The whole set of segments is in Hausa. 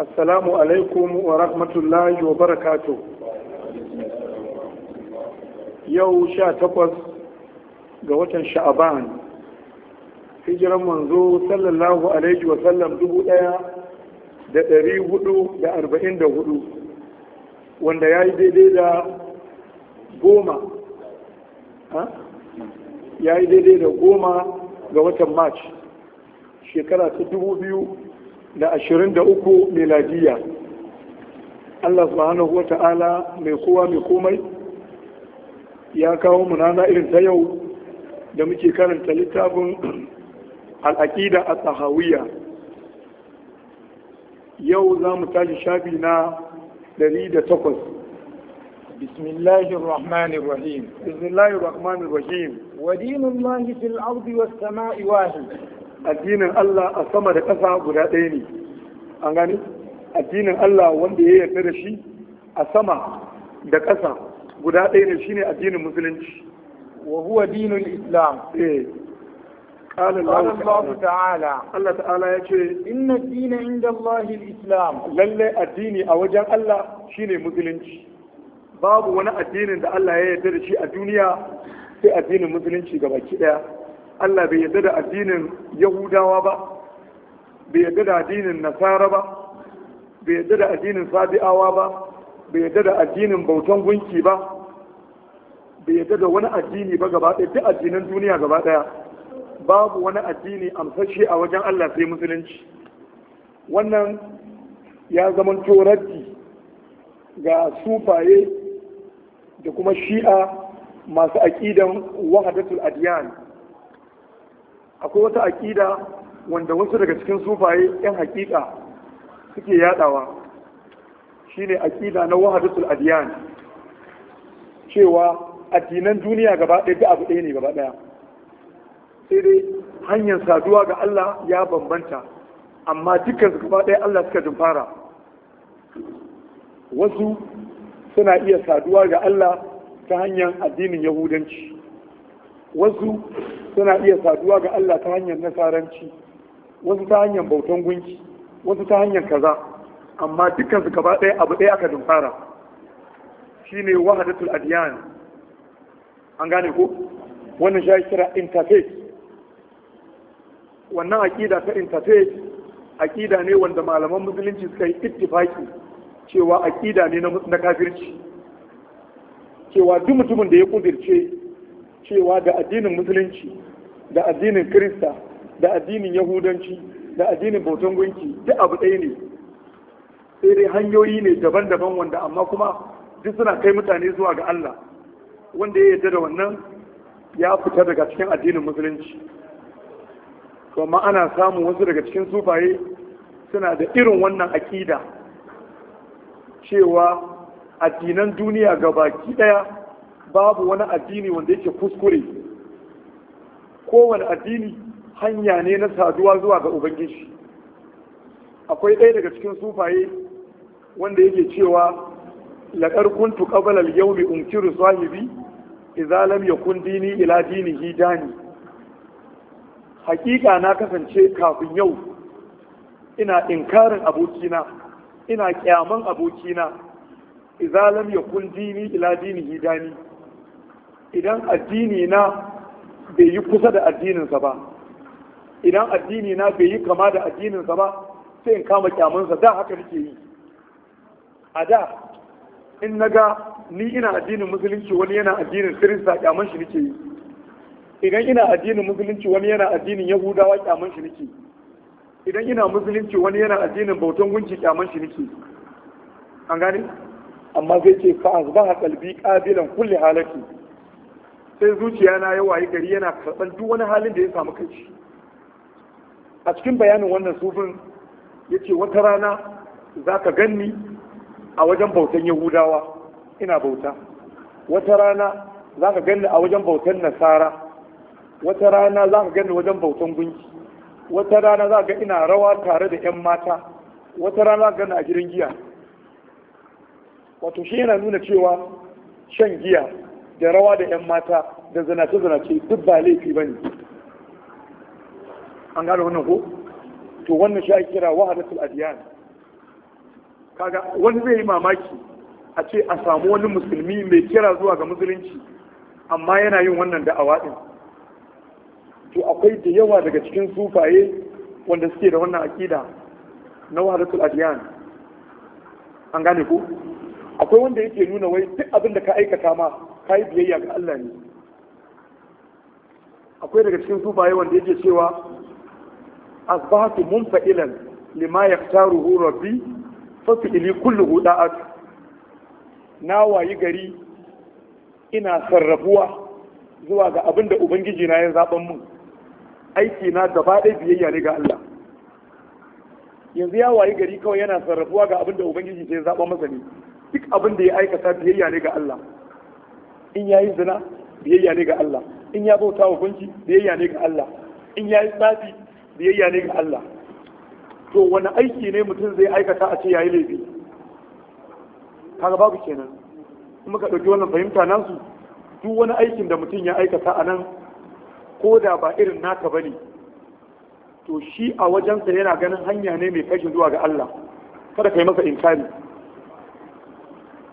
assalamu alaikum wa rahmatullahi wa barakatu yau sha takwas ga watan sha'aban hijiran manzo sallallahu alaihi wa sallam dubu daya da dari hudu da arba'in da hudu wanda ya yi daidai da goma ya yi daidai da goma ga watan march shekara ta dubu biyu da ashirin da uku miladiya Allah subhanahu wa ta'ala mai kowa mai komai ya kawo mu irin ta yau da muke karanta littafin al'aƙida a tsahawiyya yau za mu tashi shafi na takwas. بسم الله الرحمن الرحيم بسم الله الرحمن الرحيم ودين الله في الأرض والسماء addinin Allah a sama da ƙasa guda ɗaya ne an gani addinin Allah wanda ya yarda da shi a sama da ƙasa guda ɗaya ne shine addinin musulunci wa huwa dinul islam eh qala Allah ta'ala Allah ta'ala yace inna dina inda Allah islam lalle addini a wajen Allah shine musulunci babu wani addinin da Allah ya yarda da shi a duniya sai addinin musulunci gaba ki daya Allah bai yarda da addinin Yahudawa ba bai yarda da addinin Nasara ba bai yarda da addinin Sabi'awa ba bai yarda da addinin bautan gunki ba bai yarda da wani addini ba gaba ɗaya duk addinan duniya gaba ɗaya babu wani addini amsashe a wajen Allah sai musulunci wannan ya zama raddi ga sufaye da kuma shi'a masu aƙidan wahadatul adiyan akwai wata aƙida wanda wasu daga cikin sufaye 'yan haƙiƙa suke yadawa shine aƙida na wahadatul adiyan cewa addinan duniya gaba ɗaya da abu ɗaya ne gaba ɗaya sai hanyar saduwa ga Allah ya bambanta amma dukkan gaba ɗaya Allah suka jimfara wasu suna iya saduwa ga Allah ta hanyar addinin yahudanci wasu suna iya saduwa ga Allah ta hanyar nasaranci wasu ta hanyar bautan gunki wasu ta hanyar kaza amma dukkan su gaba ɗaya abu ɗaya aka dumfara shine wahadatul adiyan an gane ko wannan shi kira interfaith wannan aƙida ta interfaith aƙida ne wanda malaman musulunci suka yi ittifaki cewa aƙida ne na kafirci cewa duk mutumin da ya kudirce cewa da addinin musulunci da addinin kirista da addinin yahudanci da addinin bautan gunki duk abu ɗaya ne sai dai hanyoyi ne daban-daban wanda amma kuma duk suna kai mutane zuwa ga Allah wanda ya yarda da wannan ya fita daga cikin addinin musulunci to amma ana samun wasu daga cikin sufaye suna da irin wannan akida cewa addinan duniya ga baki ɗaya babu wani addini wanda yake kuskure kowane addini hanya ne na saduwa zuwa ga ubangiji akwai ɗaya daga cikin sufaye wanda yake cewa laƙar kuntu ƙabalar yau mai umkiru sahibi izalam ya kun dini ila dini hidani hakika na kasance kafin yau ina inkarin abokina ina ƙyaman abokina izalam ya kun dini ila dini hidani idan addini na bai yi kusa da addininsa ba idan addini na bai yi kama da addininsa ba sai in kama kyamansa da haka nake yi a da in na ga ni ina addinin musulunci wani yana addinin kirista kyamun shi nake yi idan ina addinin musulunci wani yana addinin yahudawa kyamun shi nake idan ina musulunci wani yana addinin bautan gunki kyamun shi nake an gane amma zai ce fa azbaha qalbi qabilan kulli halati sai zuciya na ya wayi gari yana karɓar duk wani halin da ya samu kanci a cikin bayanin wannan sufin ya ce wata rana za ka ganni a wajen bautan yahudawa ina bauta wata rana za ka ganni a wajen bautan nasara wata rana za ka ganni wajen bautan gunki wata rana za ga ina rawa tare da 'yan mata wata rana za gani a gidan giya wato shi yana nuna cewa shan giya da rawa da 'yan mata da zanace-zanace duk ba laifi ba ne an gane wannan ko to wannan shi ake kira wahadatul adiyan kaga wani zai yi mamaki a ce a samu wani musulmi mai kira zuwa ga musulunci amma yana yin wannan da'awa din to akwai da yawa daga cikin sufaye wanda suke da wannan akida na wahadatul adiyan an gane ko akwai wanda yake nuna wai duk abin da ka aikata ma ka yi biyayya ga Allah ne akwai daga cikin sufaye wanda yake cewa asbahatu munfa'ilan lima yaktaruhu rabbi fa fi'li Kullu, na wayi gari ina sarrafuwa zuwa ga abin da ubangiji na ya zaben mun aiki na gaba ɗaya biyayya ne ga Allah yanzu ya wayi gari kawai yana sarrafuwa ga abin da ubangiji ya masa ne duk abin da ya aikata biyayya ne ga Allah in yayi zina biyayya ne ga Allah in ya bauta wa gunki biyayya ne ga Allah in yayi tsafi biyayya ne ga Allah to wani aiki ne mutum zai aikata a ce yayi laifi kaga babu kenan in muka dauki wannan fahimta nan su? duk wani aikin da mutum ya aikata a nan ko da ba irin naka bane to shi a wajensa yana ganin hanya ne mai kashin zuwa ga Allah kada ka yi masa inkari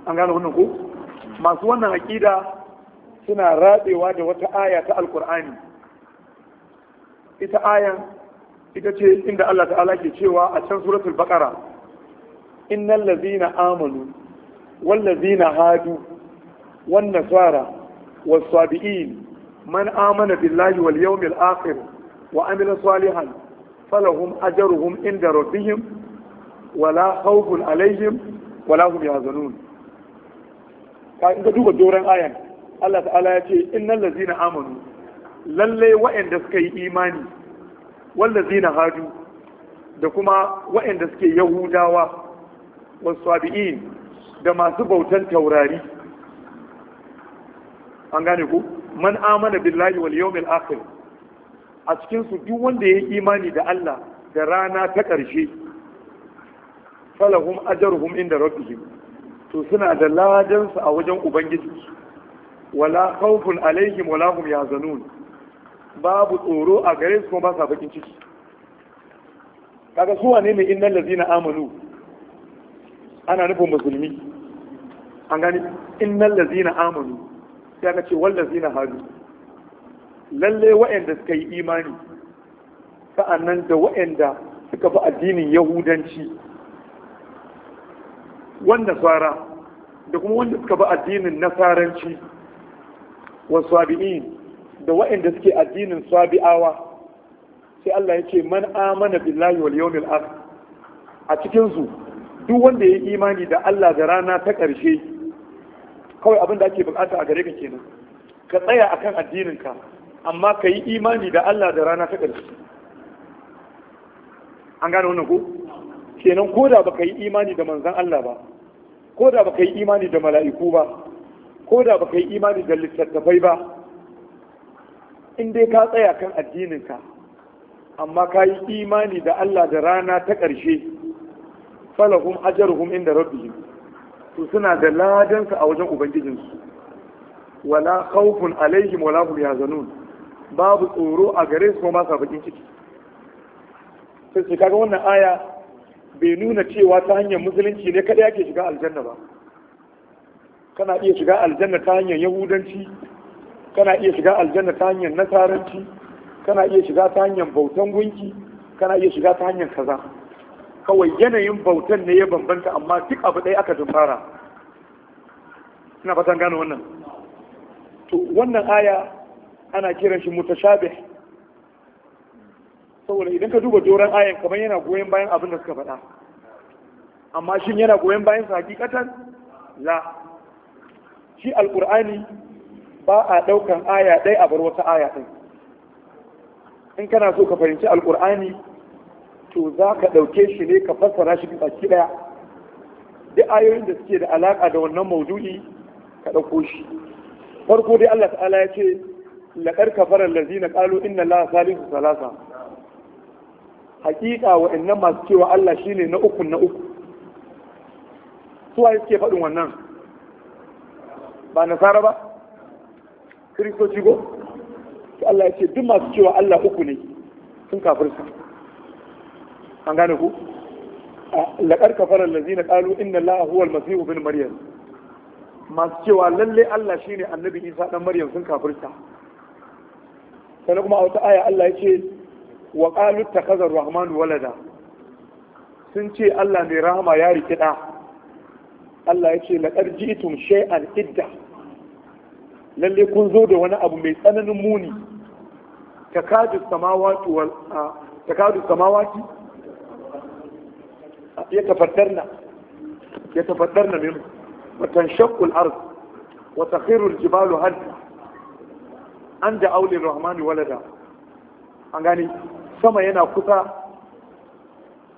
an gane wannan ko masu wannan aƙida suna ratsewa da wata aya ta alkur'ani ita aya ita ce inda Allah ta'ala ke cewa a can suratul baqara innal ladzina amanu wal ladzina hadu wan nasara was sabiin man amana billahi wal yawmil akhir wa amila salihan falahum ajruhum inda rabbihim wala khawfun alaihim wala hum yahzanun ka in ka duba doron ayan Allah ta'ala ya ce innal ladzina amanu lalle waɗanda suka yi imani wal ladzina hadu da kuma waɗanda suke yahudawa wasabi'in da masu bautan taurari an gane ku man amana billahi wal yawmil akhir a cikinsu su duk wanda ya yi imani da Allah da rana ta ƙarshe falahum ajruhum inda rabbihim to suna da ladansu a wajen ubangiji wala khawfun alaihim wala hum yahzanun babu tsoro a gare su ba sa bakin ciki kaga su wane ne innal ladina amanu ana nufin musulmi an gani innal ladina amanu sai aka ce wal ladina hadu lalle wa'anda suka yi imani sa'annan da wa'anda suka bi addinin yahudanci wanda fara da kuma wanda suka ba addinin nasaranci wa sabi'in da waɗanda suke addinin sabi'awa sai Allah ya ce man amana billahi wal yawmil akhir a cikin su duk wanda ya yi imani da Allah da rana ta ƙarshe kawai abin da ake bukata a gare ka kenan ka tsaya akan addininka amma ka yi imani da Allah da rana ta ƙarshe an gane wannan ko kenan ko da baka yi imani da manzon Allah ba ko da baka yi imani da mala'iku ba ko da baka yi imani da littattafai ba in dai ka tsaya kan addininka amma ka yi imani da Allah da rana ta ƙarshe falahum ajaruhum inda rabbihim to suna da ladansa a wajen ubangijinsu wala khawfun alaihim wala hum yahzanun babu tsoro a gare su ma ba sa bakin ciki sai kaga wannan aya bai nuna cewa ta hanyar musulunci ne kada yake shiga aljanna ba kana iya shiga aljanna ta hanyar yahudanci kana iya shiga aljanna ta hanyar nasaranci kana iya shiga ta hanyar bautan gunki kana iya shiga ta hanyar kaza kawai yanayin bautan ne ya bambanta amma duk abu ɗaya aka fara ina fatan gano wannan to wannan aya ana kiran shi mutashabih saboda idan ka duba doron ayan kamar yana goyon bayan abin da suka faɗa amma shin yana goyon bayan sa hakikatan la shi alqur'ani ba a ɗaukan aya ɗaya a bar wata aya ɗin in kana so ka fahimci alqur'ani to za ka ɗauke shi ne ka fassara shi baki ɗaya duk ayoyin da suke da alaƙa da wannan maudu'i ka ɗauko shi farko dai Allah ta'ala ya ce laqad kafara lazina qalu inna la salisu salasa hakika wa'annan masu cewa Allah shine na uku na uku suwaye yake faɗin wannan ba nasara ba kiristoci go su Allah ya ce duk masu cewa Allah uku ne sun kafirsa an gane ku A laƙar kafarar na ƙalu inna Allah huwa yi bin maryam masu cewa lalle Allah shine annabi Isa dan maryam sun kafirta sannan kuma a wata aya Allah ya ce wa qalu takhazar rahman walada sun ce Allah mai rahama ya riki Allah ya ce laqad ji'tum shay'an idda lalle kun zo da wani abu mai tsananin muni takadu samawati wal samawati ya tafattarna ya min wa tanshaqqu al-ard wa jibalu hadda an da lir-rahmani walada an gani sama yana kusa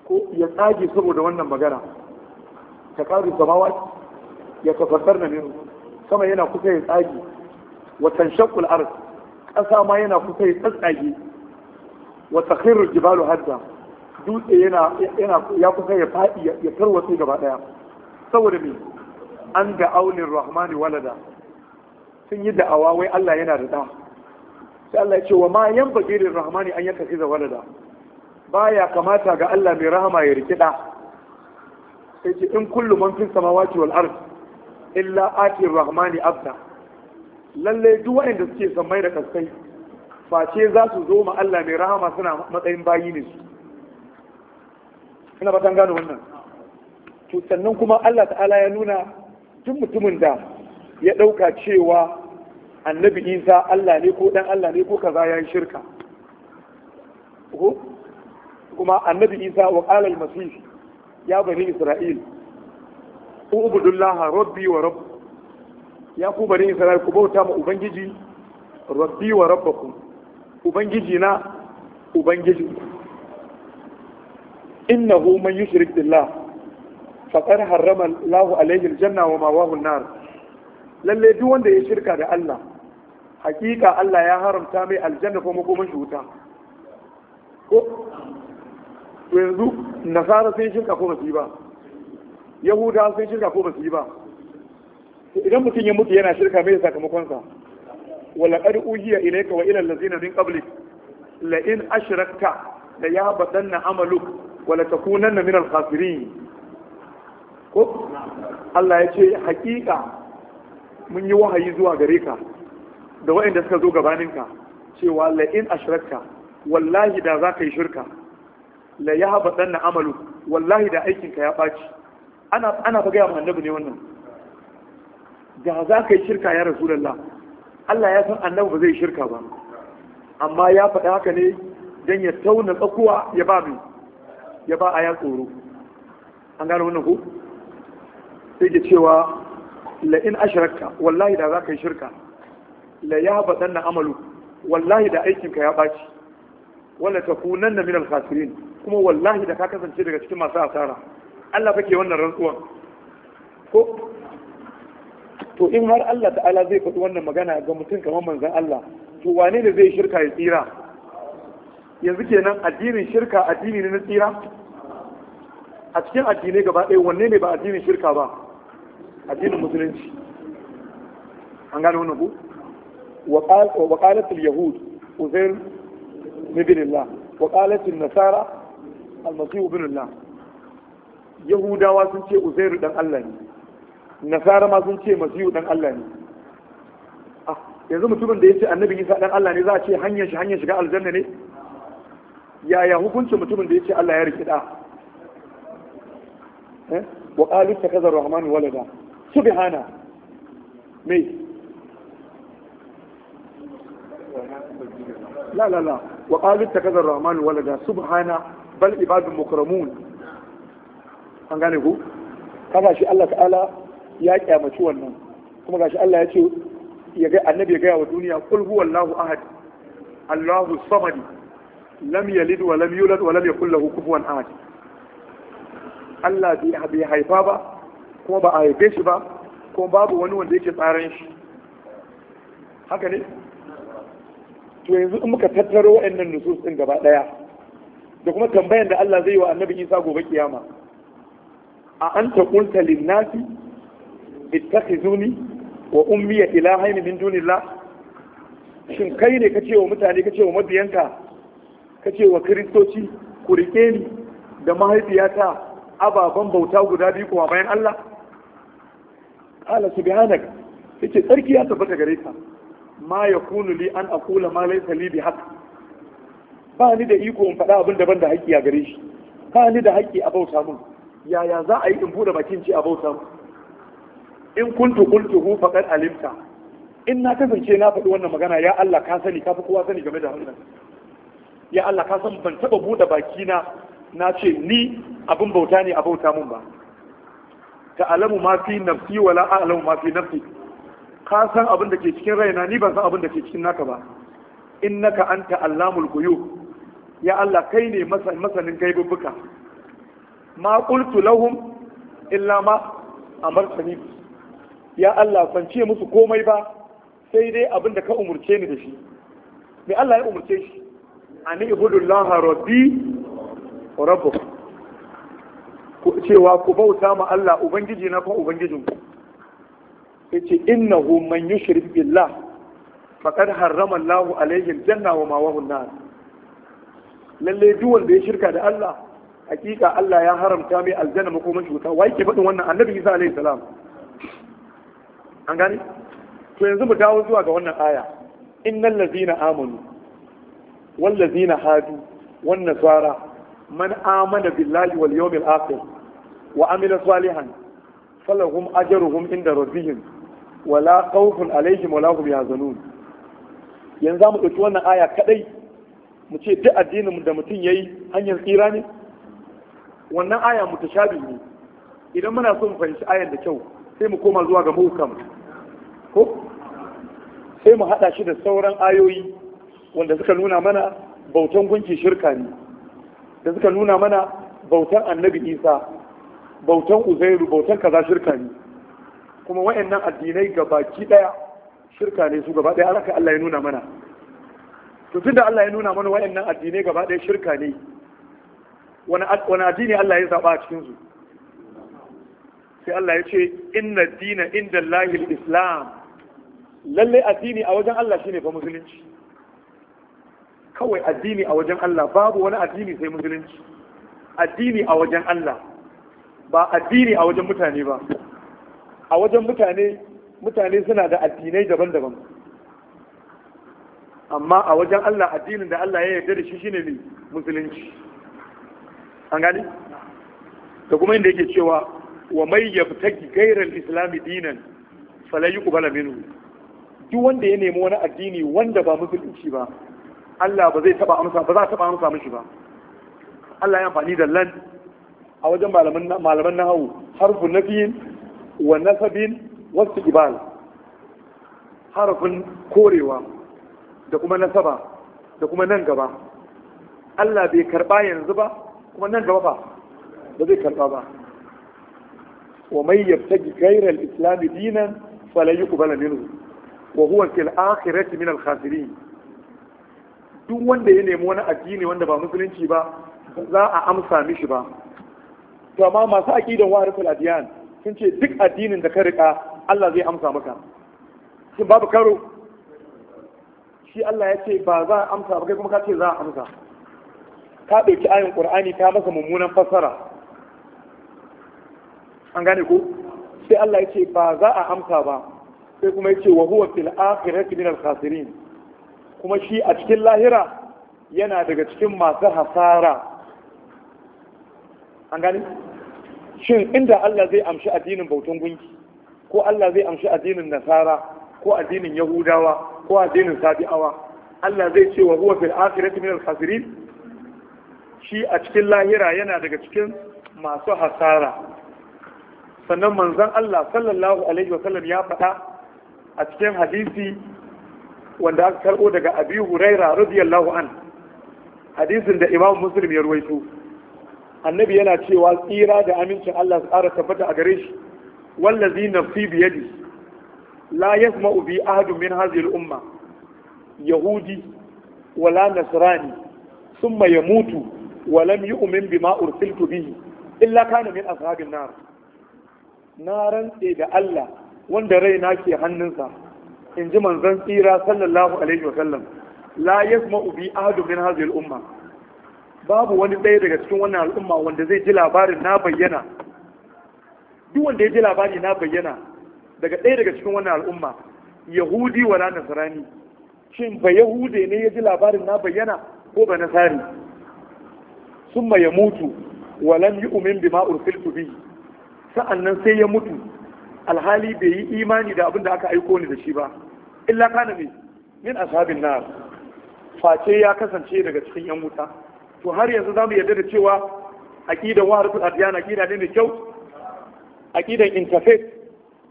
ko ya tsage saboda wannan magana ta ƙaru samawa ya tafassar na minu sama yana kusa ya tsage watan shakul arz ƙasa ma yana kusa ya tsage. wata khairu jibalu hadda dutse yana ya kusa ya faɗi ya tarwatsu gaba ɗaya saboda me an da aunin rahmani walada sun yi da'awa wai Allah yana da ɗan. sai Allah ya ce wa ma yan bagirin rahmani an yaka iza walada ya kamata ga Allah mai rahama ya rikida sai ce in kullu man fi samawati wal ard illa rahmani abda Lallai duk wanda suke mai da kaskai face za su zo ma Allah mai rahama suna matsayin bayi ne su ina ba gano wannan to kuma Allah ta'ala ya nuna tun mutumin da ya ɗauka cewa annabi isa allah ne ko dan allah ne ko kaza ya yi shirka kuma annabi isa wa ƙalal masih ya bani isra'il ubudullaha rabbi wa rabb ya ku bani isra'il ku bauta ma ubangiji rabbi wa rabbakum ubangiji na ubangiji innahu man yushrik billah faqad harrama Allahu alayhi aljanna wa mawahu an-nar Lallai duk wanda ya shirka da Allah hakika Allah ya haramta mai aljanna kuma kuma shi wuta ko yanzu nasara sun shirka ko basu ba yahuda sun shirka ko basu ba idan mutum ya mutu yana shirka mai sakamakonsa wala qad uhiya ilayka wa ila allazina min qablik la in ashrakta la yahbatanna amaluk wa la takunanna min al-khasirin ko Allah ya ce hakika mun yi wahayi zuwa gare ka da waɗanda suka zo gabaninka cewa la'in ashirarka wallahi da za ka yi shirka la ya haɓa ɗan na amalu wallahi da aikinka ya ɓaci ana fa gaya ma annabi ne wannan da za ka yi shirka ya rasu lalla Allah ya san annabi ba zai shirka ba amma ya faɗa haka ne don ya tauna tsakuwa ya ba mai ya ba a ya tsoro an gano wannan ku? sai ke cewa la'in ashirarka wallahi da za ka yi shirka la ya baɗan na amalu wallahi da aikinka ya ɓaci wala ta kunan na minal khasirin kuma wallahi da ka kasance daga cikin masu asara Allah fake ke wannan rantsuwan ko to in har Allah ta'ala zai faɗi wannan magana ga mutum kamar manzon Allah to wane ne zai shirka ya tsira yanzu kenan addinin shirka addini ne na tsira a cikin addinai gaba ɗaya wanne ne ba addinin shirka ba addinin musulunci an gane wannan ku wa qalat al yahud uzair ibn Allah wa qalat al nasara al masih ibn Allah yahudawa sun ce uzairu dan Allah ne nasara ma sun ce masihu dan Allah ne ah, yanzu mutumin da ya ce annabi isa dan Allah ne za a ce hanyar shi hanyar shiga aljanna ne yaya hukuncin mutumin da ya ce Allah ya rikida eh? wa qalu takazzar rahman walada subhana me la la la wa qalu takadar rahman walada subhana bal ibadun mukramun an gane ku kaga shi Allah ta'ala ya kyamaci wannan kuma gashi Allah ya ce ya ga annabi ya ga wa duniya kul huwallahu ahad Allahu samad lam yalid wa lam yulad wa lam yakul lahu kufuwan ahad Allah bai haifa ba kuma ba a haife shi ba kuma babu wani wanda yake tsaran shi haka ne to yanzu in muka tattaro waɗannan nusus din gaba ɗaya da kuma tambayan da Allah zai yi wa annabi Isa gobe kiyama a anta qulta lin-nasi ittakhizuni wa ummi ilahayn min dunillah shin kai ne kace wa mutane kace wa mabiyanka kace wa kristoci ku rike ni da mahaifiyata ababen bauta guda biyu kuma bayan Allah qala subhanaka yace tsarki ya tabbata gare ka ma yakunu li an aqula ma laysa li bi haqq ba ni da iko in faɗa abin daban da haƙƙi a gare shi ba ni da haƙƙi a bauta mun yaya za a yi in bude bakin ci a bauta mun in kuntu qultuhu faqad alimta in na kasance na faɗi wannan magana ya Allah ka sani ka fi kowa sani game da wannan ya Allah ka san ban taɓa bude baki na na ce ni abin bauta ne a bauta mun ba Da ma fi nafsi wala a'lamu ma fi nafsi ka san abin da ke cikin raina ni ban san abin da ke cikin naka ba innaka anta allamul ghuyub ya Allah kai ne masanin gaibubbuka ma qultu lahum illa ma amartani ya Allah ban ce musu komai ba sai dai abin da ka umurce ni da shi me Allah ya umurce shi ani ibudullaha rabbi rabbukum cewa ku bauta ma Allah ubangiji na kuma ubangijin ku ce yace hu man yushrik billah faqad harrama Allah alayhi aljanna wa mawahu an-nar lalle duk wanda ya shirka da Allah hakika Allah ya haramta mai aljanna makoman cuta wai ke faɗin wannan annabi Isa alayhi salam an gane to yanzu mu dawo zuwa ga wannan aya innal ladina amanu wal ladina hadu wan nasara man amana billahi wal yawmil akhir wa amila salihan falahum ajruhum inda rabbihim wala khawfun alaihim wala hum yahzanun yanzu mu dauki wannan aya kadai mu ce duk addinin da mutum yayi hanyar tsira ne wannan aya mutashabi ne idan muna so mu fahimci ayar da kyau sai mu koma zuwa ga muhkam ko sai mu hada shi da sauran ayoyi wanda suka nuna mana bautan gunki shirka ne da suka nuna mana bautan annabi isa bautan uzairu bautan kaza shirka ne kuma wayannan addinai gabaki daya shirka ne su gaba daya alaka Allah ya nuna mana to tunda Allah ya nuna mana wa'annan addinai gaba daya shirka ne wani wani addini Allah ya zaba a cikin su sai Allah ya ce inna dina inda lahil islam lalle addini a wajen Allah shine fa musulunci kawai addini a wajen Allah babu wani addini sai musulunci addini a wajen Allah ba addini a wajen mutane ba a wajen mutane mutane suna da addinai daban-daban amma a wajen Allah addinin da Allah ya yarda da shi shine ne musulunci an gani da kuma inda yake cewa wa mai yabtaki gairar islami dinan falai kubala minu duk wanda ya nemi wani addini wanda ba musulunci ba Allah ba zai taba amsa ba za ta taba amsa mishi ba Allah ya amfani da lan a wajen malaman na hau harfu nafiyin wa nasabin wasu ibal harafin korewa da kuma nasaba da kuma nan gaba Allah bai karba yanzu ba kuma nan gaba ba ba zai karba ba wa mai yabtaji gairar islami dinan falayi kubala minhu wa huwa fil akhirati min al khasirin duk wanda ya nemi wani addini wanda ba musulunci ba za a amsa mishi ba to amma masu aqidan warisul adiyan sun ce duk addinin da ka rika Allah zai amsa maka shin babu karo shi Allah ya ce ba za a amsa ba kai kuma ka ce za a amsa ka ɗauki ayin ƙur'ani ta masa mummunan fassara an gane ko sai Allah ya ce ba za a amsa ba sai kuma ya ce wa huwa fil akhirati min al khasirin kuma shi a cikin lahira yana daga cikin masu hasara an gani shin inda Allah zai amshi addinin bautan gunki ko Allah zai amshi addinin nasara ko addinin yahudawa ko addinin sabi'awa Allah zai ce wa huwa fil akhirati min al khasirin shi a cikin lahira yana daga cikin masu hasara sannan manzon Allah sallallahu alaihi wa ya faɗa a cikin hadisi wanda aka karɓo daga Abi Huraira radiyallahu an hadisin da Imam Muslim ya ruwaito annabi yana cewa tsira da amincin Allah su ƙara tabbata a gare shi wallazi nafsi biyadi la yasma'u bi ahadun min hadhihi al-umma yahudi wala nasrani thumma yamutu wa lam yu'min bima ursiltu bihi illa kana min ashabin nar na rantse da Allah wanda raina ke hannunsa in ji manzon tsira sallallahu alaihi wa sallam la yasma'u bi ahadun min hadhihi al-umma babu wani ɗaya daga cikin wannan al'umma wanda zai ji labarin na bayyana duk wanda ya ji labari na bayyana daga ɗaya daga cikin wannan al'umma yahudi wala nasarani shin ba yahude ne ya ji labarin na bayyana ko ba nasari ma ya mutu walam yu'min bima ursiltu sa'an sa'annan sai ya mutu alhali bai yi imani da abin da aka aiko ni da shi ba illa kana min ashabin nar face ya kasance daga cikin yan wuta to har yanzu za mu yarda da cewa aqidan wahdatul adyan aqida ne mai kyau aqidan interfaith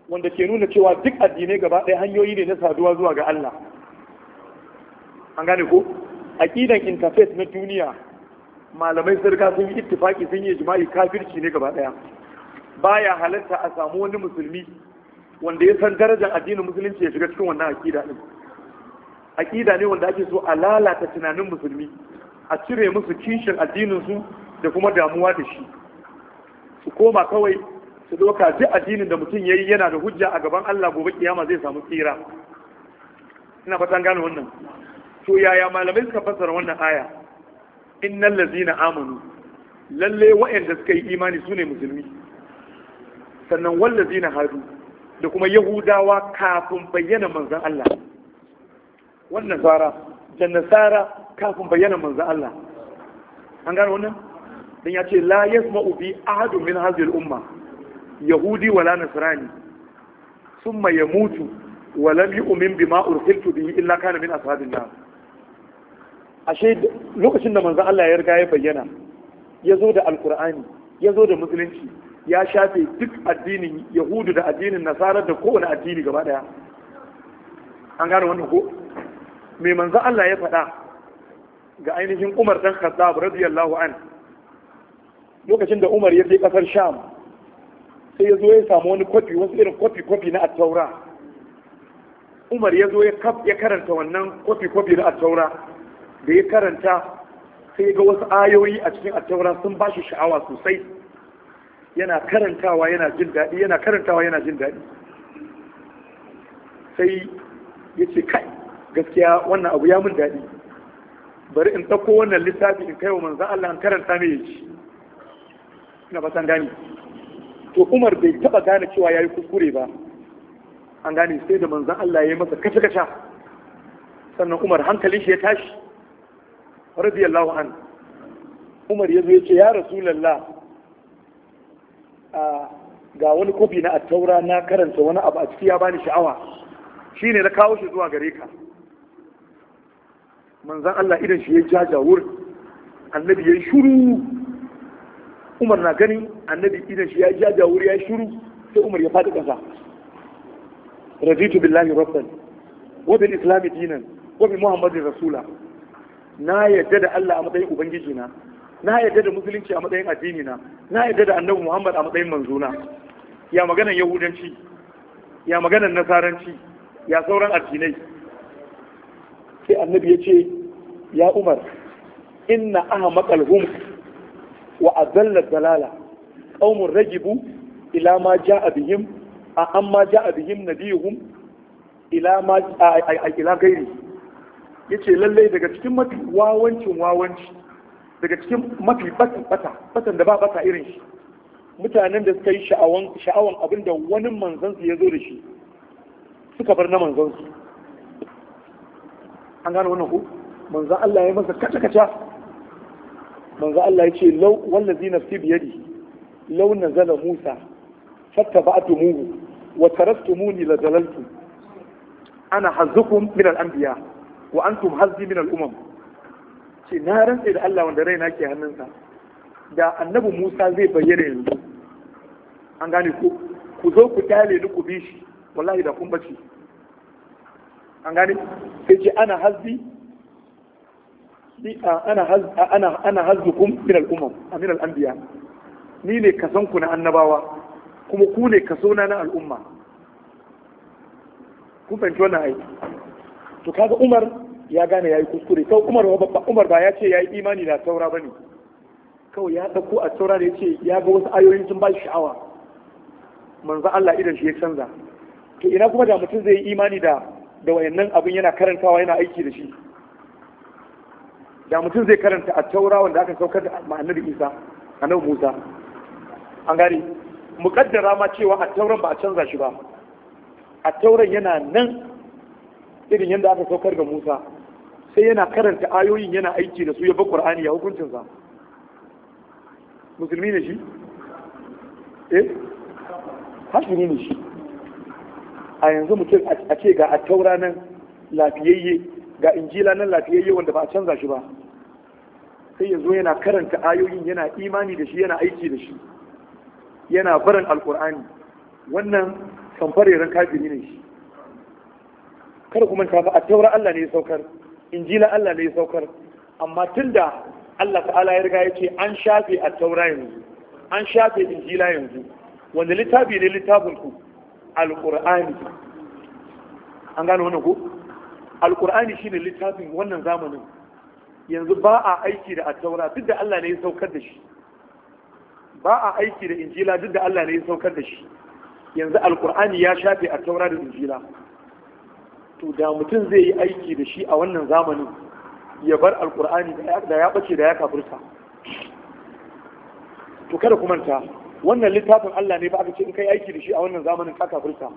wanda ke nuna cewa duk addinai gaba ɗaya hanyoyi ne na saduwa zuwa ga Allah an gane ko aqidan interfaith na duniya malamai sarka sun yi ittifaki sun yi jima'i kafirci ne gaba ɗaya baya halatta a samu wani musulmi wanda ya san darajar addinin musulunci ya shiga cikin wannan aqida din aqida ne wanda ake so a lalata tunanin musulmi a cire musu kishin addininsu da kuma damuwa da shi su koma kawai su doka ji addinin da mutum ya yi yana da hujja a gaban Allah gobe kiyama zai samu tsira ina fatan gane wannan to yaya malamai suka fassara wannan aya innal ladzina amanu lalle wa'anda suka yi imani sune musulmi sannan wallazina hadu da kuma yahudawa kafin bayyana manzon Allah wannan sara da nasara kafin bayyana manzan Allah an gano wannan dan ya ce la yasma'u a ahadun min hadhihi umma yahudi wala nasrani thumma yamutu wa umin bi bima ursiltu bi illa kana min ashabin nan ashe lokacin da manzan Allah ya riga ya bayyana ya zo da alkur'ani ya zo da musulunci ya shafe duk addinin yahudu da addinin nasarar da kowane addini gaba daya an gano wannan ko me manzan Allah ya faɗa ga ainihin Umar dan Khattab radiyallahu an lokacin da Umar ya je kasar Sham sai ya zo ya samu wani kwafi wasu irin kwafi kwafi na at Umar ya zo ya karanta wannan kwafi kwafi na at da ya karanta sai ga wasu ayoyi a cikin at sun ba shi sha'awa sosai yana karantawa yana jin daɗi yana karantawa yana jin daɗi sai ya ce kai gaskiya wannan abu ya mun daɗi bari in ɗauko wannan littafi in kai wa manzo Allah an karanta mai yaji ina ba san gani to Umar bai taba gane cewa yayi kuskure ba an gane sai da manzo Allah ya masa kace kasha sannan Umar hankali shi ya tashi radiyallahu an Umar ya zo ya ce ya Rasulullah a ga wani kofi na taura na karanta wani abu a ciki ya bani sha'awa shine na kawo shi zuwa gare ka manzan Allah idan shi ya jajawur annabi ya yi shuru umar na gani annabi idan shi ya jajawur ya yi shuru sai umar ya faɗi ƙasa raditu billahi rabban wa bil islami dinan wa bi muhammadin rasula na yadda da Allah a matsayin ubangiji na na yadda da musulunci a matsayin addini na na yadda da annabi muhammad a matsayin manzuna. ya maganan yahudanci ya maganan nasaranci ya sauran addinai sai annabi ya ce ya umar inna aha makalhum wa azalla dalala ƙaunin ragibu ila ma ja bihim a amma jaa bihim abihim nabiyuhum ila ma ila gairi yace lallai daga cikin mafi wawancin wawanci daga cikin mafi batan bata batan da ba bata irin shi mutanen da suka yi sha'awan sha'awan abin da wani manzansu ya zo da shi suka bar na manzansu an gane wannan ku manzo Allah ya masa kaca kaca manzo Allah ya ce law wallazi nafsi bi yadi law nazala Musa fattaba'tumuhu wa taraktumuni la dalaltu ana hazzukum min al-anbiya wa antum hazzi min al-umam ce na rantsa da Allah wanda raina ke hannunsa da annabi Musa zai bayyana yanzu an gane ku ku zo ku tale ni ku bi shi wallahi da kun bace an gane sai ce ana hazbi ana ana kun min al a min al ni ne kasan ku na annabawa kuma ku ne kaso na na al'umma kun fahimci wannan aiki to kaga Umar ya gane yayi kuskure kawai Umar babba Umar ba ya ce yayi imani da saura ne. kawai ya dauko a saura da ce ya ga wasu ayoyin sun ba sha'awa manzo Allah idan shi ya canza to ina kuma da mutum zai yi imani da da wayannan abin yana karantawa yana aiki da shi da mutum zai karanta a taura wanda aka saukar da ma'anar isa a nan musa an gani mukaddara ma cewa a tauran ba a canza shi ba a tauran yana nan irin yadda aka saukar da musa sai yana karanta ayoyin yana aiki da su ya bakwar ani ya hukuncinsa musulmi ne shi eh hashiri ne shi a yanzu mutum a ce ga attaura nan lafiyayye ga injila nan lafiyayye wanda ba a canza shi ba sai ya zo yana karanta ayoyin yana imani da shi yana aiki da shi yana barin alkur'ani wannan ran kafiri ne shi kada kuma ta fa attaura Allah ne ya saukar injila Allah ne ya saukar amma tunda Allah ta'ala ya riga ya ce an shafe attaura yanzu an shafe injila yanzu wanda littafi ne littafin ku alƙur'ani an gane wannan ko alƙur'ani shine littafin wannan zamanin yanzu ba a aiki da attaura duk da Allah ne ya saukar da shi ba a aiki da injila duk da Allah ne ya saukar da shi yanzu alkur'ani ya shafe a taura da injila to da mutum zai yi aiki da shi a wannan zamanin ya bar alkur'ani da ya bace da ya kafirta to kada ku manta. wannan littafin Allah ne ba aka ce in kai aiki da shi a wannan zamanin ka kafirta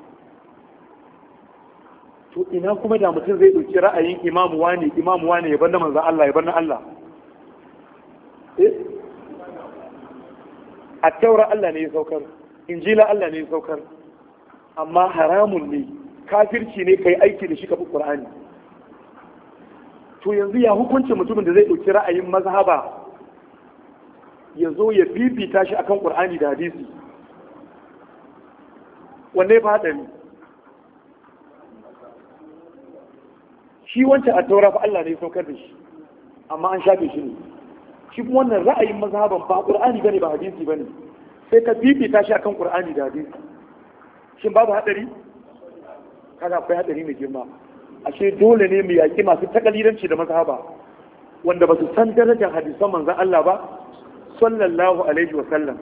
to ina kuma da mutum zai ɗauki ra'ayin imamu wani imamu wani ya banda manzan Allah ya banda Allah eh? a taura Allah ne ya saukar injila Allah ne ya saukar amma haramun ne kafirci ne kai aiki da shi kafin Qur'ani to yanzu ya hukuncin mutumin da zai ɗauki ra'ayin mazhaba ya zo ya fifita shi akan qur'ani da hadisi wanne ba hadari shi wancan a taura fa Allah ne saukar da shi amma an shafe shi ne shi kuma wannan ra'ayin mazhaban ba qur'ani bane ba hadisi bane sai ka fifita shi akan qur'ani da hadisi shin babu hadari kaga akwai hadari mai girma ashe dole ne mu yaki masu takalidanci da mazhaba wanda ba su san darajar hadisan manzon Allah ba sallallahu alaihi wa sallam